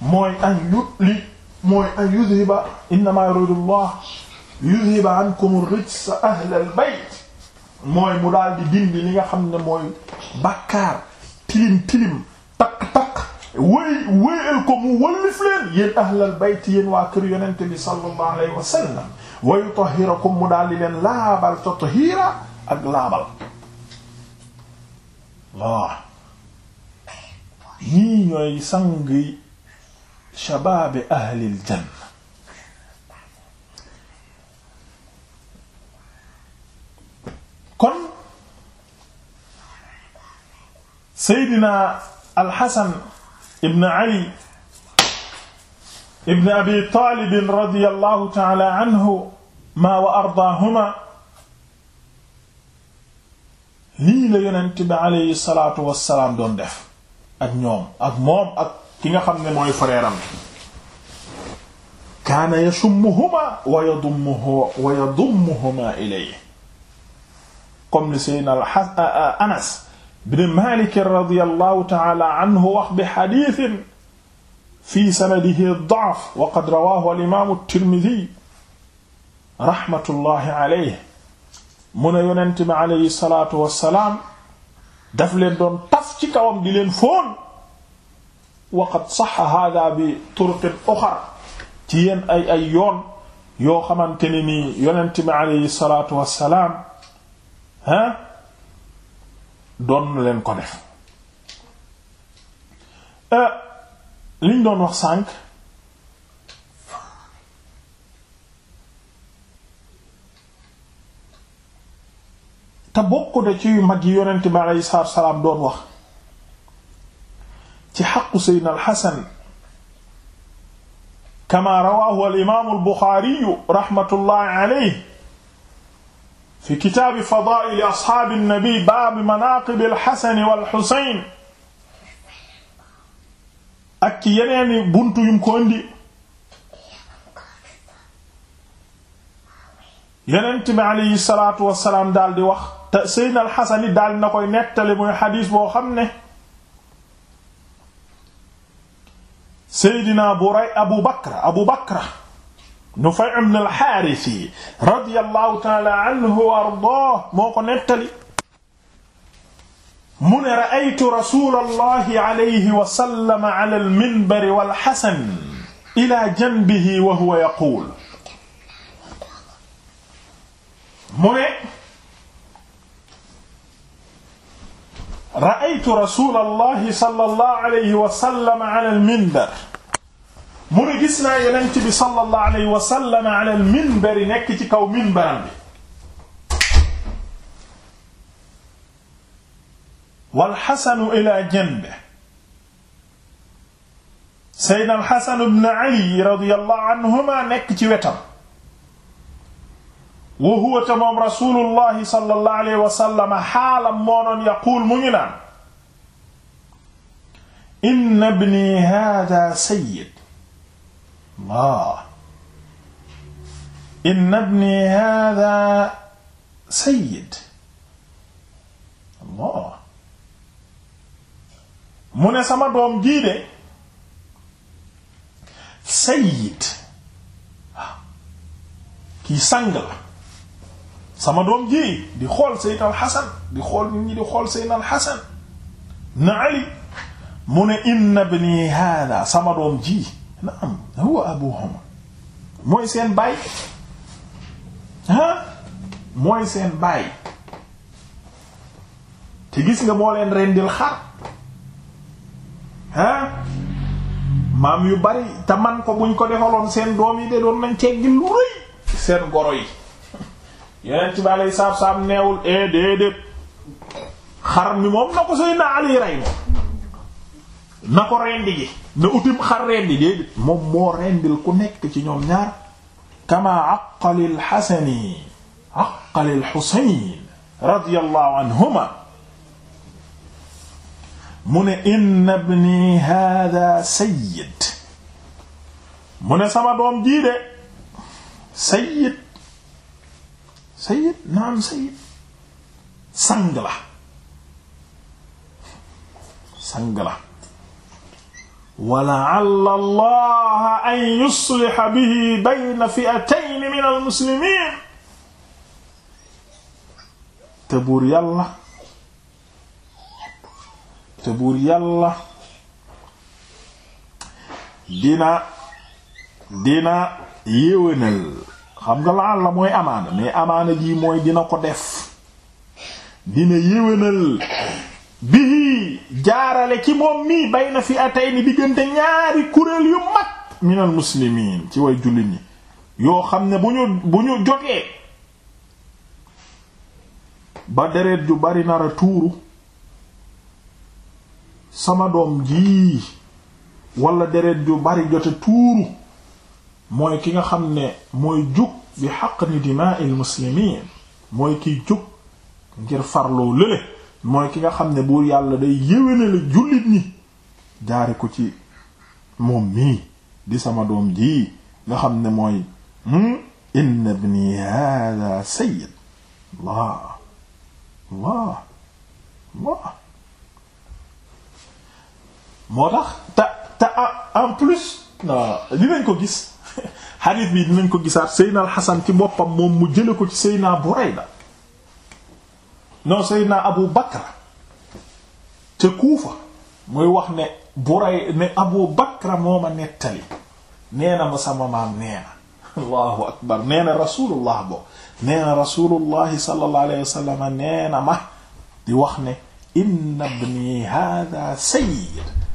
Speaker 1: mooy an yu li mooy an yudhiba innamaa yuridullah yudhiba ankum rijsa ahlal bayt mooy mu daal di dindi li nga xam ne mooy bakkaar tilim tilim takk takk wéy wéyal ko mu wëllif leen yéen ahlal bayt yéen waa kër yonente bi sallallahu alayhi wa sallam wa yutahhirakum mu daal di leen laabal tathiira ak laabal waaw ñii ñooy sangi shabaabi ahlil janna kon seydina alxasan ibn ali ibn abi taalib radiyallahu ta'ala anhu ma wa ardaahuma lii la yonent bi aleyhi salaatu wassalaam doon def ak ñoom ak moom ak ki nga xam ne mooy frère am kaana yashumuhuma wa yadumuhu wa yadumuhuma ilayhi comme li seydna anas bin malik radiyallahu ta'ala anhu wax bi xadiisin fi sanadihi da'f wa qad rawaahu al-imaam at-Tirmidhi rahmatullahi alayhi mu ne yonent bi alayhi salaatu wassalaam daf leen doon taf ci kawam di leen foon wa qad sahha haadha bi turuqin ukhra ci yéen ay ay yoon yoo xamante ne nii yonent bi alayhi salaatu wassalaam ah doon leen ko def. Eh, liñ doon wax sànq te bokk na ci yu mag yi yonent bi aleyhi salaam doon wax ci xaqu seydna alxasan kama rawaahu alimaamu albuxaariyu raxmatullahi aleyhi fi kitaabi fadaa'ili asxaabi nnabi baabi manaaqibi alxasani walxusayn ak ci yeneeni buntu yum ko indi yonent bi aleyhi salaatu wassalaam daal di wax te seydna alxasani daal na koy nettali muy xadiis boo xam ne seydina buray abu bakra abu bakra nufay ibn alxaarisi radiyallahu taala anhu wa ardaah moo ko nettali mu ne ra'aytu rasulallahi alayhi wa sallam ala al-minbari wal Hasan ila janbihi wa huwa yaqul mu ne ra'aytu rasulallahi sallallahu alayhi wa sallam ala al-minbar mu ne gis naa yonent bi sallallahu alayhi wa sallam ala al-minbari nekk ci kaw minbaram bi wal xasanu ila janbe seydna al xasan ibn ali radiyallahu anhuma nekk ci wetam wa huwa ta moom rasulullahi sallallahu alayhi wa sallam xaalam moo doon yaquul mu ngi naan inna ibni hada sayyid Allah inna ibni hada sayyid Allah mu ne sama doom jii de sayyid waaw kii sang la sama doom ji di xool Seydina Alxasan di xool nit ñi di xool Seydina Alxasan na Ali mu ne inna ibni hada sama doom ji naam huwa abuhuma mooy seen baay ah mooy seen baay te gis nga moo leen rendil xar ah maam yu bari te man ko buñ ko defaloon seen doom yi de doon nañ teggil lu rëy seen goro yi yeneen ci bàyyi saab saab neewul ee eh, déedéet xar mi moom na ko Seydina Ali rey moom na ko rendi ji na utim xar rendi déedéet moom moo rendil ku nekk ci ñoom ñaar kama àqalil xasani àqalil xuseyn radiyallahu anhuma mu ne inna ibni hada sayyid mu ne sama doom jii de sayyid sayyid naam sayyid sang la sang la wala'alla allah an yusliha bihi bayna fi'atayn min al-muslimin te buur yàlla te buur yàlla dina dina yéwénal xam nga laal la mooy amaana mais amaana ji mooy dina ko def dina bi bii jaarale ci moom mii bay na fi atay ni diggante ñaari kuréel yu mag minal muslimiin ci way jullit ñi yoo xam ne bu ñu bu ñu jogee ba deret ju bari nara tuuru sama doom jii wala deret ju bari jote tuuru mooy ki nga xam ne mooy jug bi xaq ni dimaa'il muslimiin mooy kiy jug ngir farloo lële mooy ki nga xam ne buur yàlla day yéwéne la jullit ñi jaare ko ci moom mii di sama doom jii nga xam ne mooy hmm, inna ibni hada sayyid allah allah allah moo tax te en plus dinañ ko gis hadith bi dinañ ko gisaat Seydina al-Hasan ci boppam moom mu jële ko ci Seydina Burayda non Seydina Abu Bakr te Kuufa muy wax ne Buray ne Abu Bakr moo ma nettali nee na sama maam nee na akbar nee na rasulullah bo nee na rasulullahi sallallahu alayhi ma di wax ne inna ibni hadha sayyid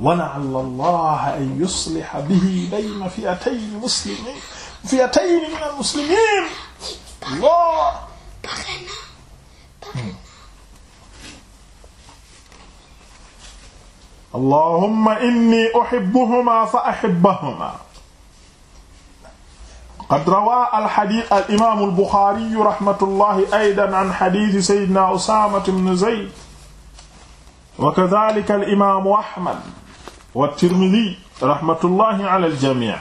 Speaker 1: wa la'alla allaha an yusliha bihi bayna fi'atayn muslimin fi'atayn min al-muslimin Allah allahumma inni uhibbuhuma fa ahibbahuma qad rawaa al-hadiith al-imaam al-Buxaari rahmatullahi aydan an hadiith sayyidina Usaama ibn Zayd wa kadhaalika al-imaam Ahmad wa Tirmidhi rahmatullahi ala al-jami'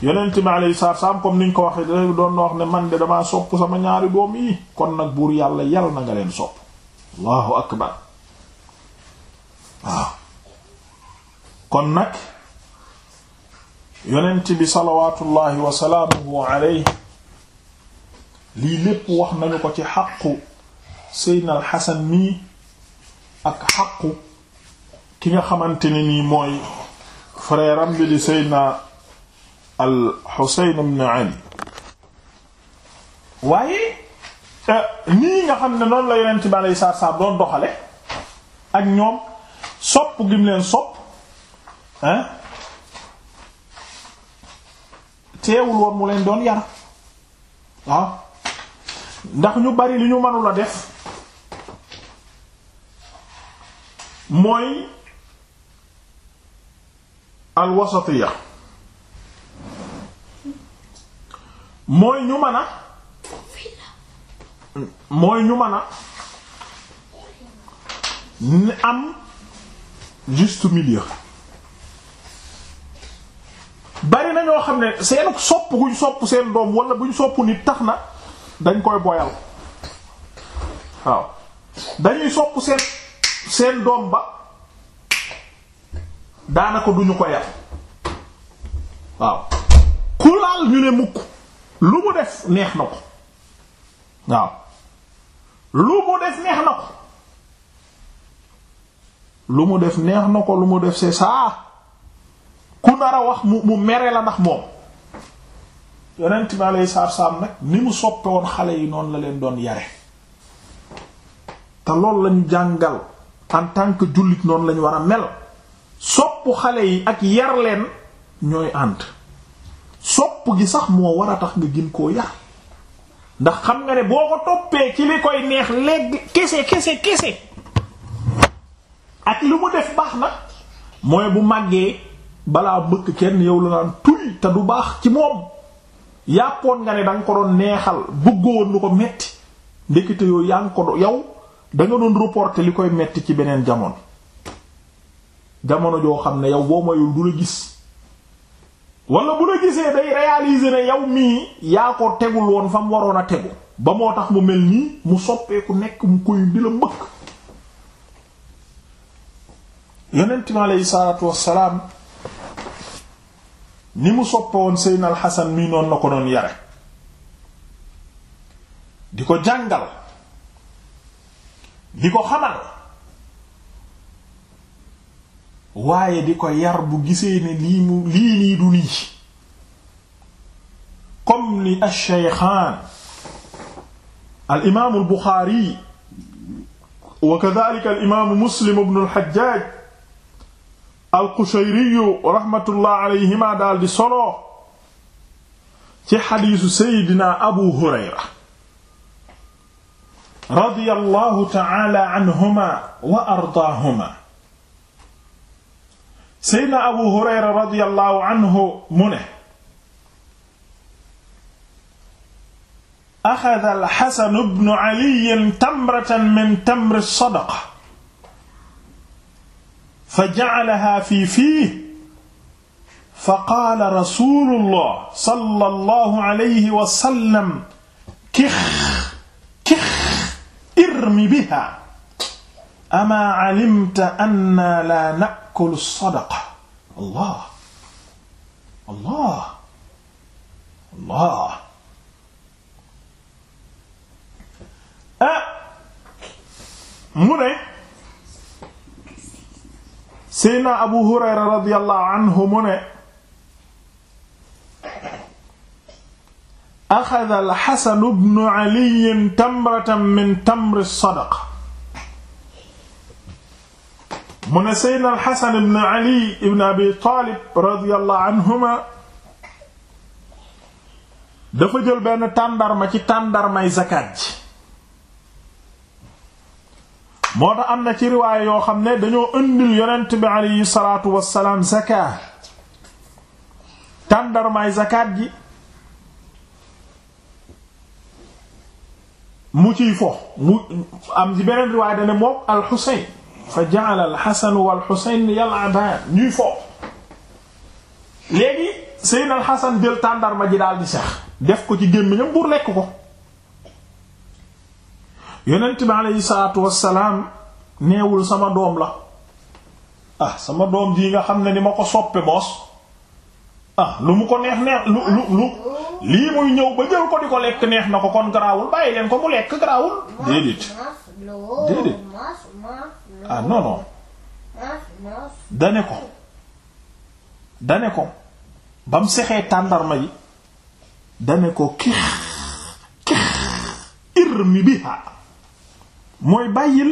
Speaker 1: yonent salaam comme niñ ko waxee da doon wax ne man de damaa sopp sama ñaari doom yi kon nag buur yàlla yal na nga leen sopp allahu akbar kon nag yonent bi salawaatullahi wa salaamuhu alayhi lii lépp wax nañu ko ci xaqu seydna al mi ak xaqu ki nga xamante ni nii mooy frère am bi di Seydina al Xuseyn ibn Ali waaye eh, nii nga xam ne noonu la yonent bi aleyhi salaatu salaam doon doxale ak ñoom sopp gim leen sopp hein eh, teewul woon mu leen doon yar waaw ndax ñu bari lu ñu mënula def mooy al wasatiya mooy ñu mën a mooy ñu mën a ni am juste milieu bari na ñoo xam ne seen sopp guñ sopp seen doom wala buñ sopp nit tax na dañ koy boyal waaw dañuy sopp seen seen doom ba daanaka duñu ko yar waaw ku laal ñu ne mukk lu mu def neex na ko waaw lu mu def neex na ko lu mu def neex na ko lu mu def c'est ça ku nar a wax mu mu mere la ndax moom yonent bi aleyhi salaatu salaam nag ni mu soppe xale yi noonu la leen doon yare te loolu lañ jàngal en tant que jullit noonu lañ war a mel sopp xale yi ak yar leen ñooy ànd sopp gi sax moo war a tax nga gin koo yar ndax xam nga ne boo ko toppee ci li koy neex léegi kese kese kese ak lu mu def baax na mooy bu màggee balaa bëkk kenn yow la naan tuy te du baax ci moom yàppoon nga ne danga ko doon neexal bëggoon lu ko metti ndekete yooyu yaa ngi ko yow danga doon reporter li koy metti ci beneen jamono jamono joo xam ne yaw boo mayul du la gis wala bu la gisee day réaliser ne yow mii yaa ko tegul woon fa mu waroon a tegu ba moo tax mu mel nii mu soppeeku nekk mu koy di la mbëkk yonent mi aleyhi salaatu wassalaam ni mu soppe woon seydna alxasan mii noonu na ko doon yare di ko jàngal di ko xamal waaye di ko yar bu gisee ne lii mu lii nii du lii comme ni ash-shaykhaan al imaamu al buxaari wa kadhalika al imaamu muslim ibn al hajjaj al qushayri rahmatullah alayhima daal di solo ci xadiisu saydina abu hurayra radiyallahu ta'ala anhuma wa ardaahuma seydna abu hurayra radiyallahu anhu mu ne axada alxasan bnu caliyin tamratan min tamri sadaqa fa jacalaha fi fiih fa qaala rasulullah sallallahu alayhi wa sallam kix kix irmi biha ama calimta anna laa na ta'kulu sadaqa allah allah allah ah mu ne seydna abu hurayra radiyallahu anhu mu ne axada alxasan bnu aliyin tamratan min tamri sadaqa mu ne seydna alxasan ibn ali ibn abi taalib radiyallahu anhuma dafa jël benn tàndarma ci tàndarmay zakat ji moo tax am na ci riwaaya yoo xam ne dañoo ëndil yonent bi aleyhi salaatu wassalaam zakat tàndarmay zakat ji mu ciy fo ci beneen riwaaya dane moom al xuseyn fa ja'ala al-Hasan wal-Husayn yal'abaan ñuy fo léegi Seydina al-Hasan jël tàndarma ji daal di sax def ko ci gémmiñam pour lekk ko yonent bi aleyhi salaatu wassalaam sama doom la ah sama doom ji nga xam ne ni ma ko soppee boos ah lu mu ko neex neex lu lu lu lii muy ñëw ba jël ko di ko lekk neex na ko kon garaawul bàyyi leen ko mu lekk garaawul déedéet déedéet ah non non dane ko dane ko ba mu sexee tàndarma yi dane ko kix kix irmi biha mooy bàyyil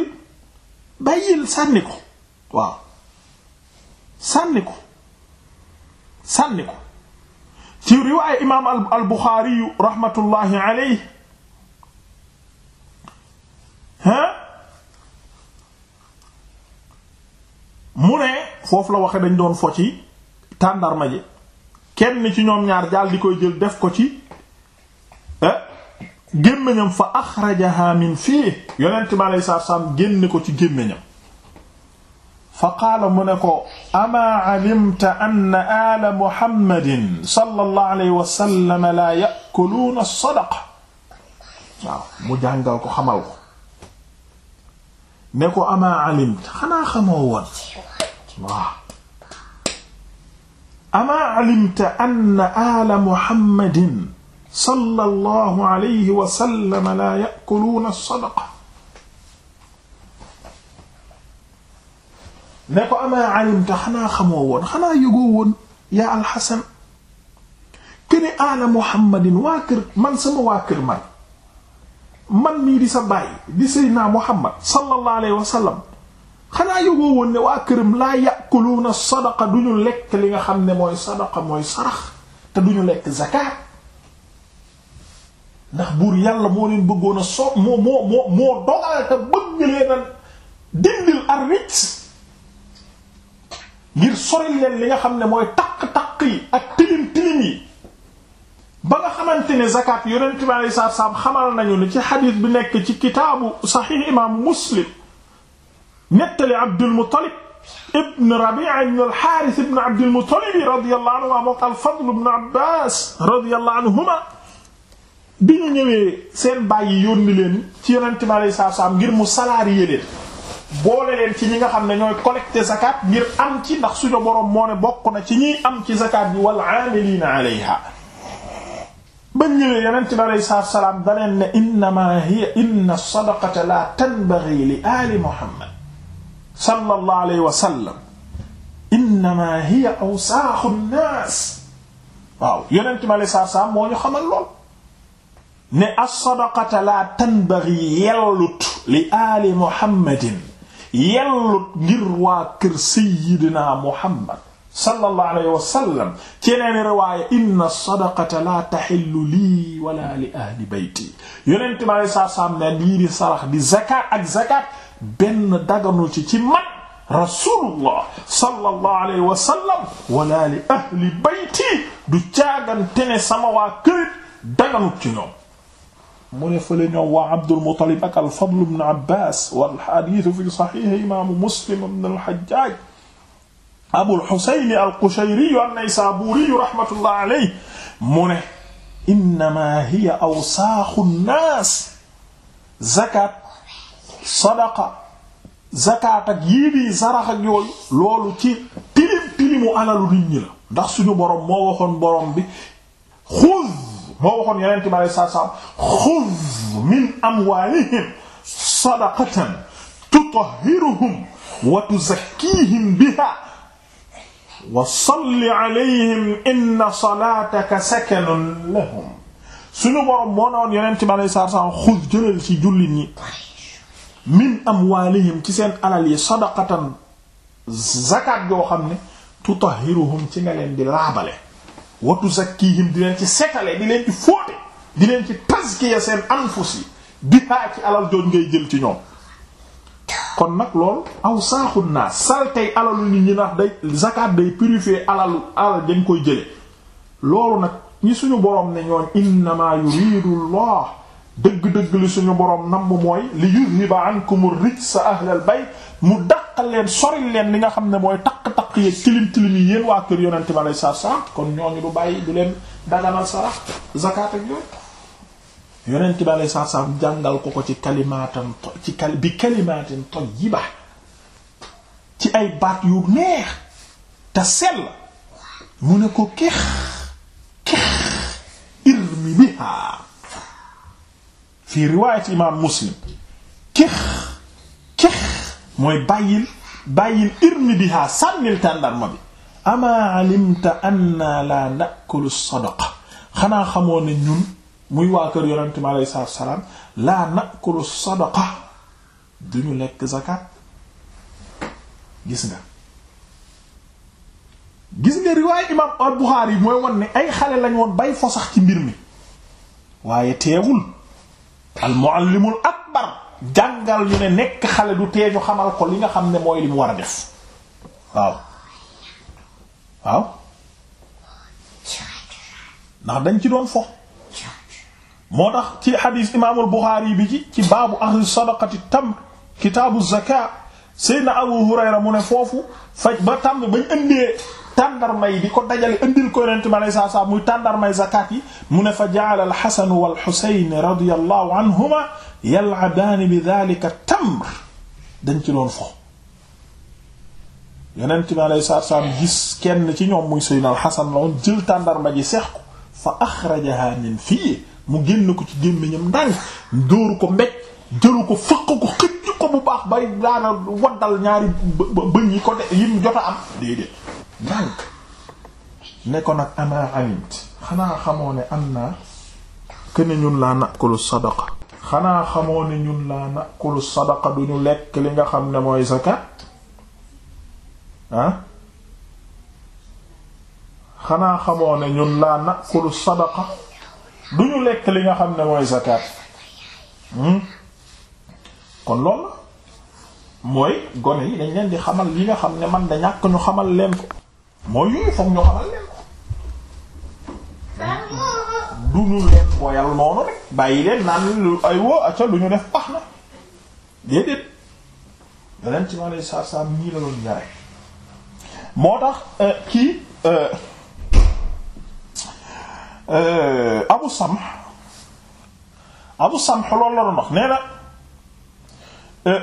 Speaker 1: bàyyil sànni ko waaw sànni ko sànni ko ci riwaaya imaam al Buxaari rahmatullahi alayhi hein mu foofu la waxe dañ doon fo ci tàndarma ji kenn ci ñoom ñaar daal di koy jël def ko ci eh, gémmiñam fa axrajaha min fii yonent mi aleyhi salaatu salaam génne ko ci gémmiñam fa qaala mu ne ko amaa alimta anna aala muhammadin sallallahu alayhi wa sallam laa yakuluuna sadaqa ne ko amaa alimt xanaa xamoo woon waaw la ya'kuluuna as-sadaqa ko amaa alimta xanaa xamoo woon xanaa yëgoo woon yaa alxasan kene ala man sama waa kër man man mii di sa bàyyi di seydinaa muhammad sallallahu alayhi wa sallam xanaa yógoo woon ne waa këram laa yàquluuna sadaqa du ñu lekk li nga xam ne mooy sadaqa mooy sarax te duñu ñu lekk zakat ndax buur yàlla moo leen bëggoon a so moo moo moo moo dogal te bëgg leen a dindil ngir soril leen li nga xam ne mooy taq-taq yi ak tilim tilim yi ba nga xamante ne zakat yonent bi alayhi salaatu salaam xamal nañu ne ci xadiis bi nekk ci kitaabu saxiix imaam muslim nettali Abdul Muttalib ibn Rabi'a ibn al-Haaris ibn Abdul Muttalib radiyallahu anhumaa mook al-Fadl ibn Abbaas radiyallahu anhumaa bi ñu ñëwee seen bàyyi yónni leen ci yonent bi alayhi salaatu salaam ngir mu salarié leen boole leen ci ñi nga xam ne ñooy collecter zakat ngir am ci ndax suñu boroom moo ne bokk na ci ñiy am ci zakat bi wal aamiliina alayhaa ba ñëwee yonent bi aleyhi salaatu wa salaam da leen ne innamaa hiya inna sadaqata laa tanbaghii li aali Muhammad sallallahu alayhi wa sallam innamaa hiya awsaaxu nnaas waaw yonent bi aleyhi salaatu wa salaam moo ñu xamal lool ne as-sadaqata laa tanbaghii yellut li aali Muhammadin yellut ngir waa kër Seyyidina Muhammad sallallahu alayhi wa sallam ci yeneen riwaaya inna sadaqata la taxillu lii wala li ahli bayti yonent ma lay saa saam ne lii di sarax di zakat ak zakat benn daganul ci ci man rasulullah sallallahu alayhi wa sallam wala li ahli bayti du caagante ne sama waa kër daganul ci ñoom mu ne fële ñoom waa Abdul Muttalib ak al-Fadl ibn Abbas wal hadiis fi sahih imaamu Muslim ibn al-Hajjaj Abul Husayn al-Qushayri an-Naysaburi rahmatullah alayhi mu ne innama hiya awsaaxu nnaas zakat sadaqa zakat ak yii di sarax ak yooyu loolu ci tilim tilimu alalu nit ñi la ndax suñu boroom moo waxoon boroom bi xuz moo waxoon yeneen bi alayhi salaatu salaam xuz min amwaalihim sadaqatan tutahhiruhum wa tuzakkiihim bihaa wa salli alayhim inna salaataka sakanun lahum suñu boroom moo ne woon yonent bi alayhi salaatu wa salaam xuz jëlal ci jullit ñi min amwaalihim ci seen alal yi sadaqatan zakat yoo xam ne tutahhiruhum ci nga leen di laabale wa tuzakkihim di leen ci setale di leen ci fóote di leen ci tazkiya seen anfus yi bihaa ci alal jooj ngay jël ci ñoom kon nag loolu aw saaxut naa saltey alalu nit ñi ndax day zakat day purifier alal dañ koy jële loolu nag ñi suñu borom ne ñooñ innama yuridu llah dëgg-dëgg li suñu borom namm mooy li yuzhiba ankum sa ahlal bayt mu daqal leen soril leen li nga xam ne mooy taq-taq yeeg tilim tilim yi yéen waa kër yonente bi alei satu kon ñooñu du bàyyi du leen daganal sarax zakat ak yooyu yonent bi alei satu salaam jàngal ko ko ci kalimatan ci kal bi kalimatin ay baat yu neex te sell mu ne ko kex kex irmi biha fi riwaayat imam muslim kex kex mooy bàyyil irmi biha sànnil tàndarma bi ama alimta anna la nakulu sadaqa xanaa xamoo ne ñun muy waa kër yonent mi aleyhi salaatu salaam laa nakulu sadaqa duñu lekk zakat gis nga gis nga riwaay imam al-Bukhari mooy won ne ay xale lañ woon bay fosax ci mbir mi waaye teewul al-muallimul akbar jàngal ñu ne nekk xale du teeju xamal ko li nga xam ne mooy li mu war a def waaw waaw ndax dañ ci doon fo moo tax ci xadiis imaamul Buxaari bi ci ci baabu axdi sadaqati tamr kitaabu zaka Seydina Abu Hurayra mu ne foofu faj ba tàmm bañ ëndee tàndarma yi di ko dajale ëndil ko yonente mi aleye sat selaam muy tàndarmay zakat yi mu ne fa jaala alxasanu walxusayn radiyallahu anhuma yal'abaani bi dhalika tamr dañ ci doon fo yonente mi aleye sat selaam gis kenn ci ñoom muy Seydina alxasan la woon jël tàndarma ji seex ko fa axrajaha min fii mu génn ko ci gémmiñam ndànk dóoru ko mbéj jëlu ko fëq ko xëcc ko bu baax bay daana waddal ñaari bëñ yi ko de yim jot a am déedéet ndànk ne ko nag ana amit xanaa xamoo ne am naa këne ñun laa nakulu sadaqa xanaa xamoo ne ñun laa nakulu sadaqa duñu lekk li nga xam ne mooy zakat ah xanaa xamoo ne ñun laa nakulu sadaqa du ñu lekk li nga xam ne mooy zakat hmm? kon loolu mooy gone yi dañ leen di xamal li nga xam ne man da ñàkk ñu xamal leen ko mooy yooyu foog ñu xamal leen ko hmm? du ñu leen boyal noonu rek bàyyi leen naan lu ay woo acca lu ñu def pax na déedéet da leen ci ma lay saar saar nii la doon yare moo tax euh, kii euh, Eh, abu samh abu samh loolu la doon nee na eh,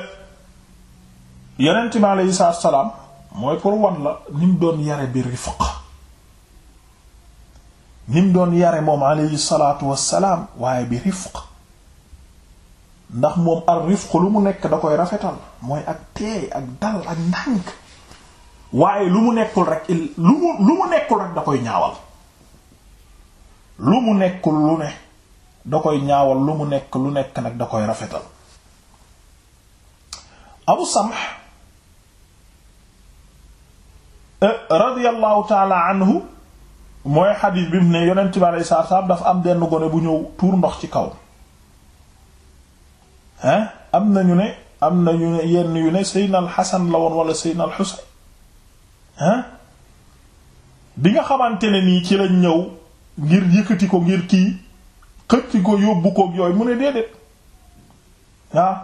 Speaker 1: yonent bi aleyhi salaatu wa salaam mooy pour wan la ni mu doon yare bi rifq ni mu doon yare moom aleyhi salaatu wa salaam waaye bi rifq ndax moom ar rifq lu mu nekk da koy rafetal mooy ak teey ak dal ak ndànk waaye lu mu nekkul rek lu mu lu mu nekkul rek da koy ñaawal lu mu nekk lu ne da koy ñaawal lu mu nekk lu nekk nag da koy rafetal abu samh eh, radiyallahu taala anhu mooy xadiis bi mu ne yonent bi aleyhi salaatu salaam dafa am denn gone bu ñëw tuur ndox ci kaw am na ñu ne am na ñu ne yenn yu ne seydna xasan la woon wala seydna al bi nga xamante ne nii ci lañ ñëw ngir yëkkati ko ngir kii xëcc ko yóbbu koog yooyu mu ne déedéet waaw ah.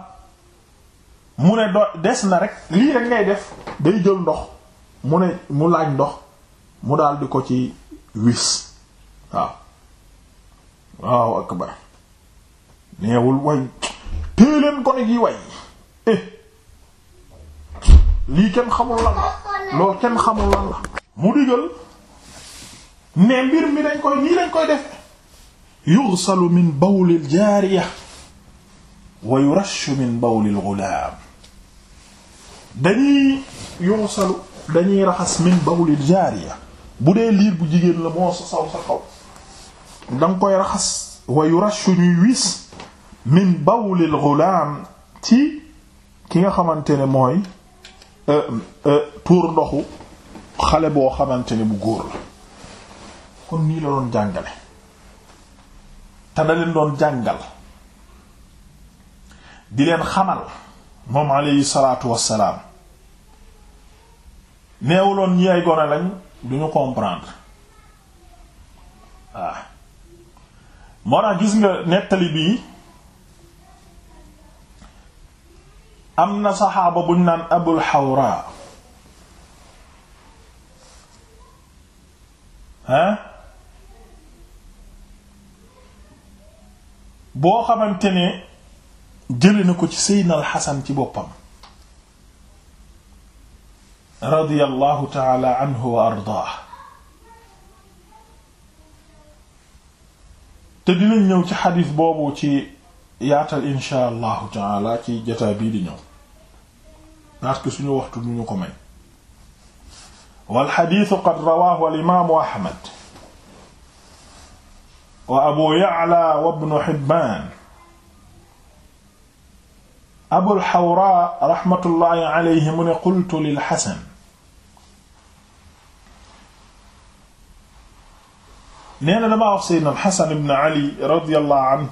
Speaker 1: mu ne do- des na rek lii rek ngay def day jël ndox mu ne mu laaj ndox mu daal di ko ci wis waaw waaw akbar neewul way téye leen ko gi way eh lii kenn xamul la loolu kenn xamul lan la mu digal mais mbir mi dañ koy nii lañ koy def yughsalu min bawli al-jaariya wa yurashu min bawli al-ghulaam dañuy yughsalu dañuy raxas min bawli al-jaariya bu dee liir bu jigéen la moo sa saw sa xaw da koy raxas wa yurashu ñuy wis min bawli al-ghulaam ci ki nga xamante ne mooy tuur euh, euh, ndoxu xale boo xamante ne bu góor la kon nii la doon jàngale te da leen doon jàngal di leen xamal moom alayhi salaatu wassalaam neewuloon ñi ay gone lañ duñu comprendre waaw ah. moo tax gis nga nettali bii am na saxaaba buñ naan abul xawra hein boo xamante ne jële na ko ci seydna alxasan ci boppam radiyallahu taala anhu wa ardaah te dinañ ñëw ci xadis boobu ci yaatal insha allahu taala ci jataa bii di ñëw parce que suñu waxtu ñu ko may wal xadiisu qad rawaahu al imaamu ahmad wa abu ya'la wa ibnu hibbaan abul xawraa raxmatullaahi alayhi mu ne qultu lil xasan nee na damaa wax seydna alxasan ibn ali radiyallahu anhu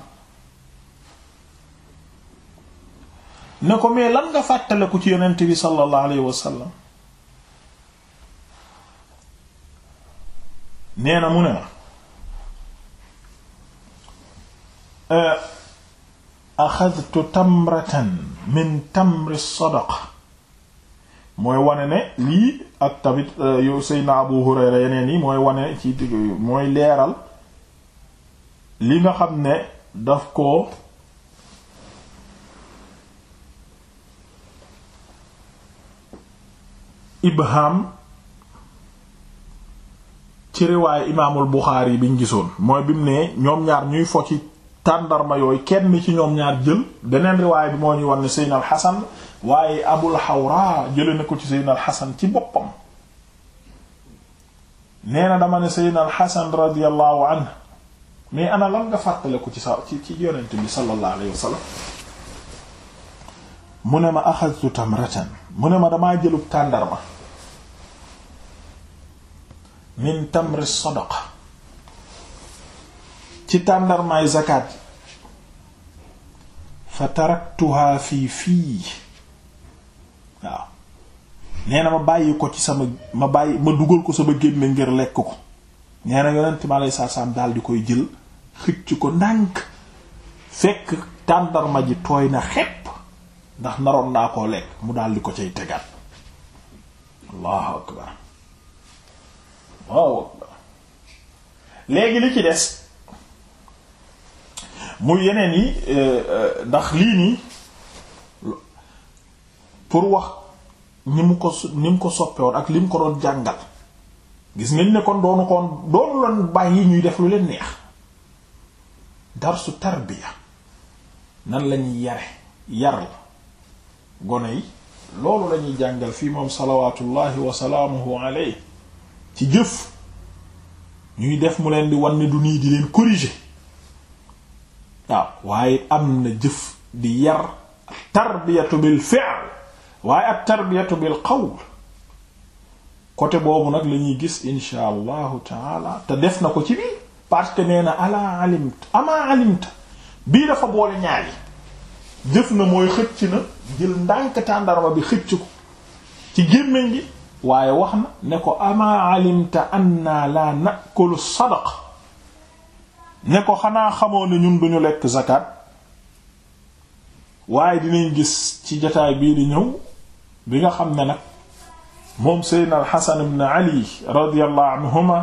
Speaker 1: ne ko mais lan nga fàttaliku ci yonent bi sallallahu alayhi wa sallam nee na mu ne ma axadtu tamratan min tamri sadaqa mooy wane ne lii ak tamit yow Seydina Abu Hurayra yeneen yi mooy wane ci mooy leeral li nga xam ne daf ko ibham ci riwaaye imaamul Buxaari yi biñ gisoon mooy bi mu ne ñoom ñaar ñuy fo tàndarma yooyu kenn ci ñoom ñaar jël beneen riwaay bi moo ñuy wan ne Seydina Alxasan waaye Abul Xawra jële na ko ci Seydina Alxasan ci boppam nee na dama ne Seydina Alxasan radiyallahu anhu mais ana lan nga fàttale ko ci sa ci ci yonent bi sallallahu alayhi wa sallam mu ne ma axadtu tamratan mu ne ma damaa jëlub tàndarma min tamri sadaqa ci tàndarmaay zakat fa taraktuha fii fii waaw nee ma bàyyi ko ci sama ma bàyyi ma dugal ko sama génne ngir lekk ko nee na ma lay saasaam daal di koy jël xëcc ko ndànk fekk tàndarma ji tooy na xepp ndax naroon naa koo lekk mu daal di ko cay tegaat allahu akbar léegi li ci des mu yeneen yi euh, euh, ndax lii nii pour wax ni mu ko ni mu ko soppewoon ak li mu ko doon jàngal gis nga ne kon doonu koon doonu loon bàyyi ñuy def lu leen neex darsu tarbiya nan lañuy yare yar la gone yi loolu lañuy jàngal fii moom salawatullahi wa salaamuhu ci jëf ñuy def mu leen di wan ne du nii di leen corriger waaw waaye am na jëf di yar tarbiyatu bil fi'l waaye ak tarbiyatu bil qawl côté boobu nag lañuy ñuy gis insha allahu taala te def na ko ci bii parce que nee na ala alimta ama alimta bii dafa na mooy xëcc bi xëcc ko ci ko ama alimta anna la sadaqa ne ko xanaa xamoo ne ñun duñu lekk zakat waaye dinañ gis ci jataay bii di ñëw bi nga xam ne nag moom seydna alxasan ibn ali radiyallahu anhuma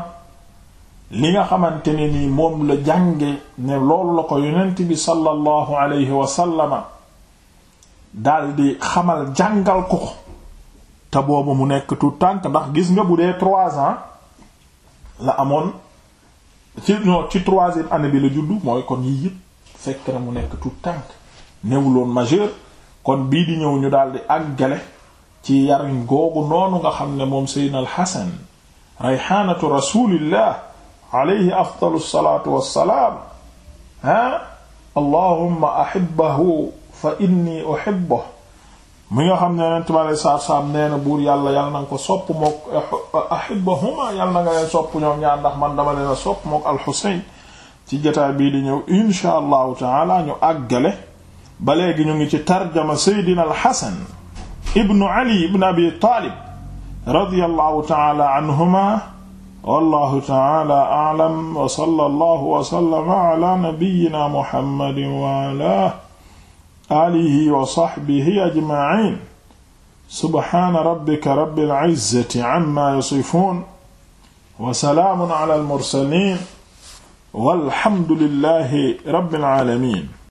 Speaker 1: li nga xamante ne nii moom la jànge ne loolu la ko yonent bi sallallahu alayhi wasallama daldi xamal jàngal ko te boobu mu nekk tout tànk ndax gis nga bu dee trois ans la amoon ci non ci année bi la juddu mooy kon yii yëpp fekk mu nekk tout tànk newuloon majeur kon bii di ñëw ñu daal di àggale ci yarin googu noonu nga xam ne moom seydna alxasan rayxaanatu rasulillah alayhi afdalu lsalatu wassalaam ah allahumma ahibbahu fa inni uhibbuhu mu nga xam ne yonent bi alei saatu nee na buur yàlla yàlla na nga ko sopp mook ahibahuma yàlla na sopp ñoom a sopp mook alxusayn ci jotaay bii di ñëw insha allahu taala ñu àggale ba ñu ngi ci tarjama seydina alxasan ibnu ali ibn abi taalib radiyallahu taala anhuma wallahu taala a'lam wa sallallahu wa sallama ala nabiyyina muhammadin wa ala alihi wa sahbihi ajma'in subhaana rabbika rabbil izzati amma yasifun wa salaamun ala al mursalin walhamdulillahi rabbil alamin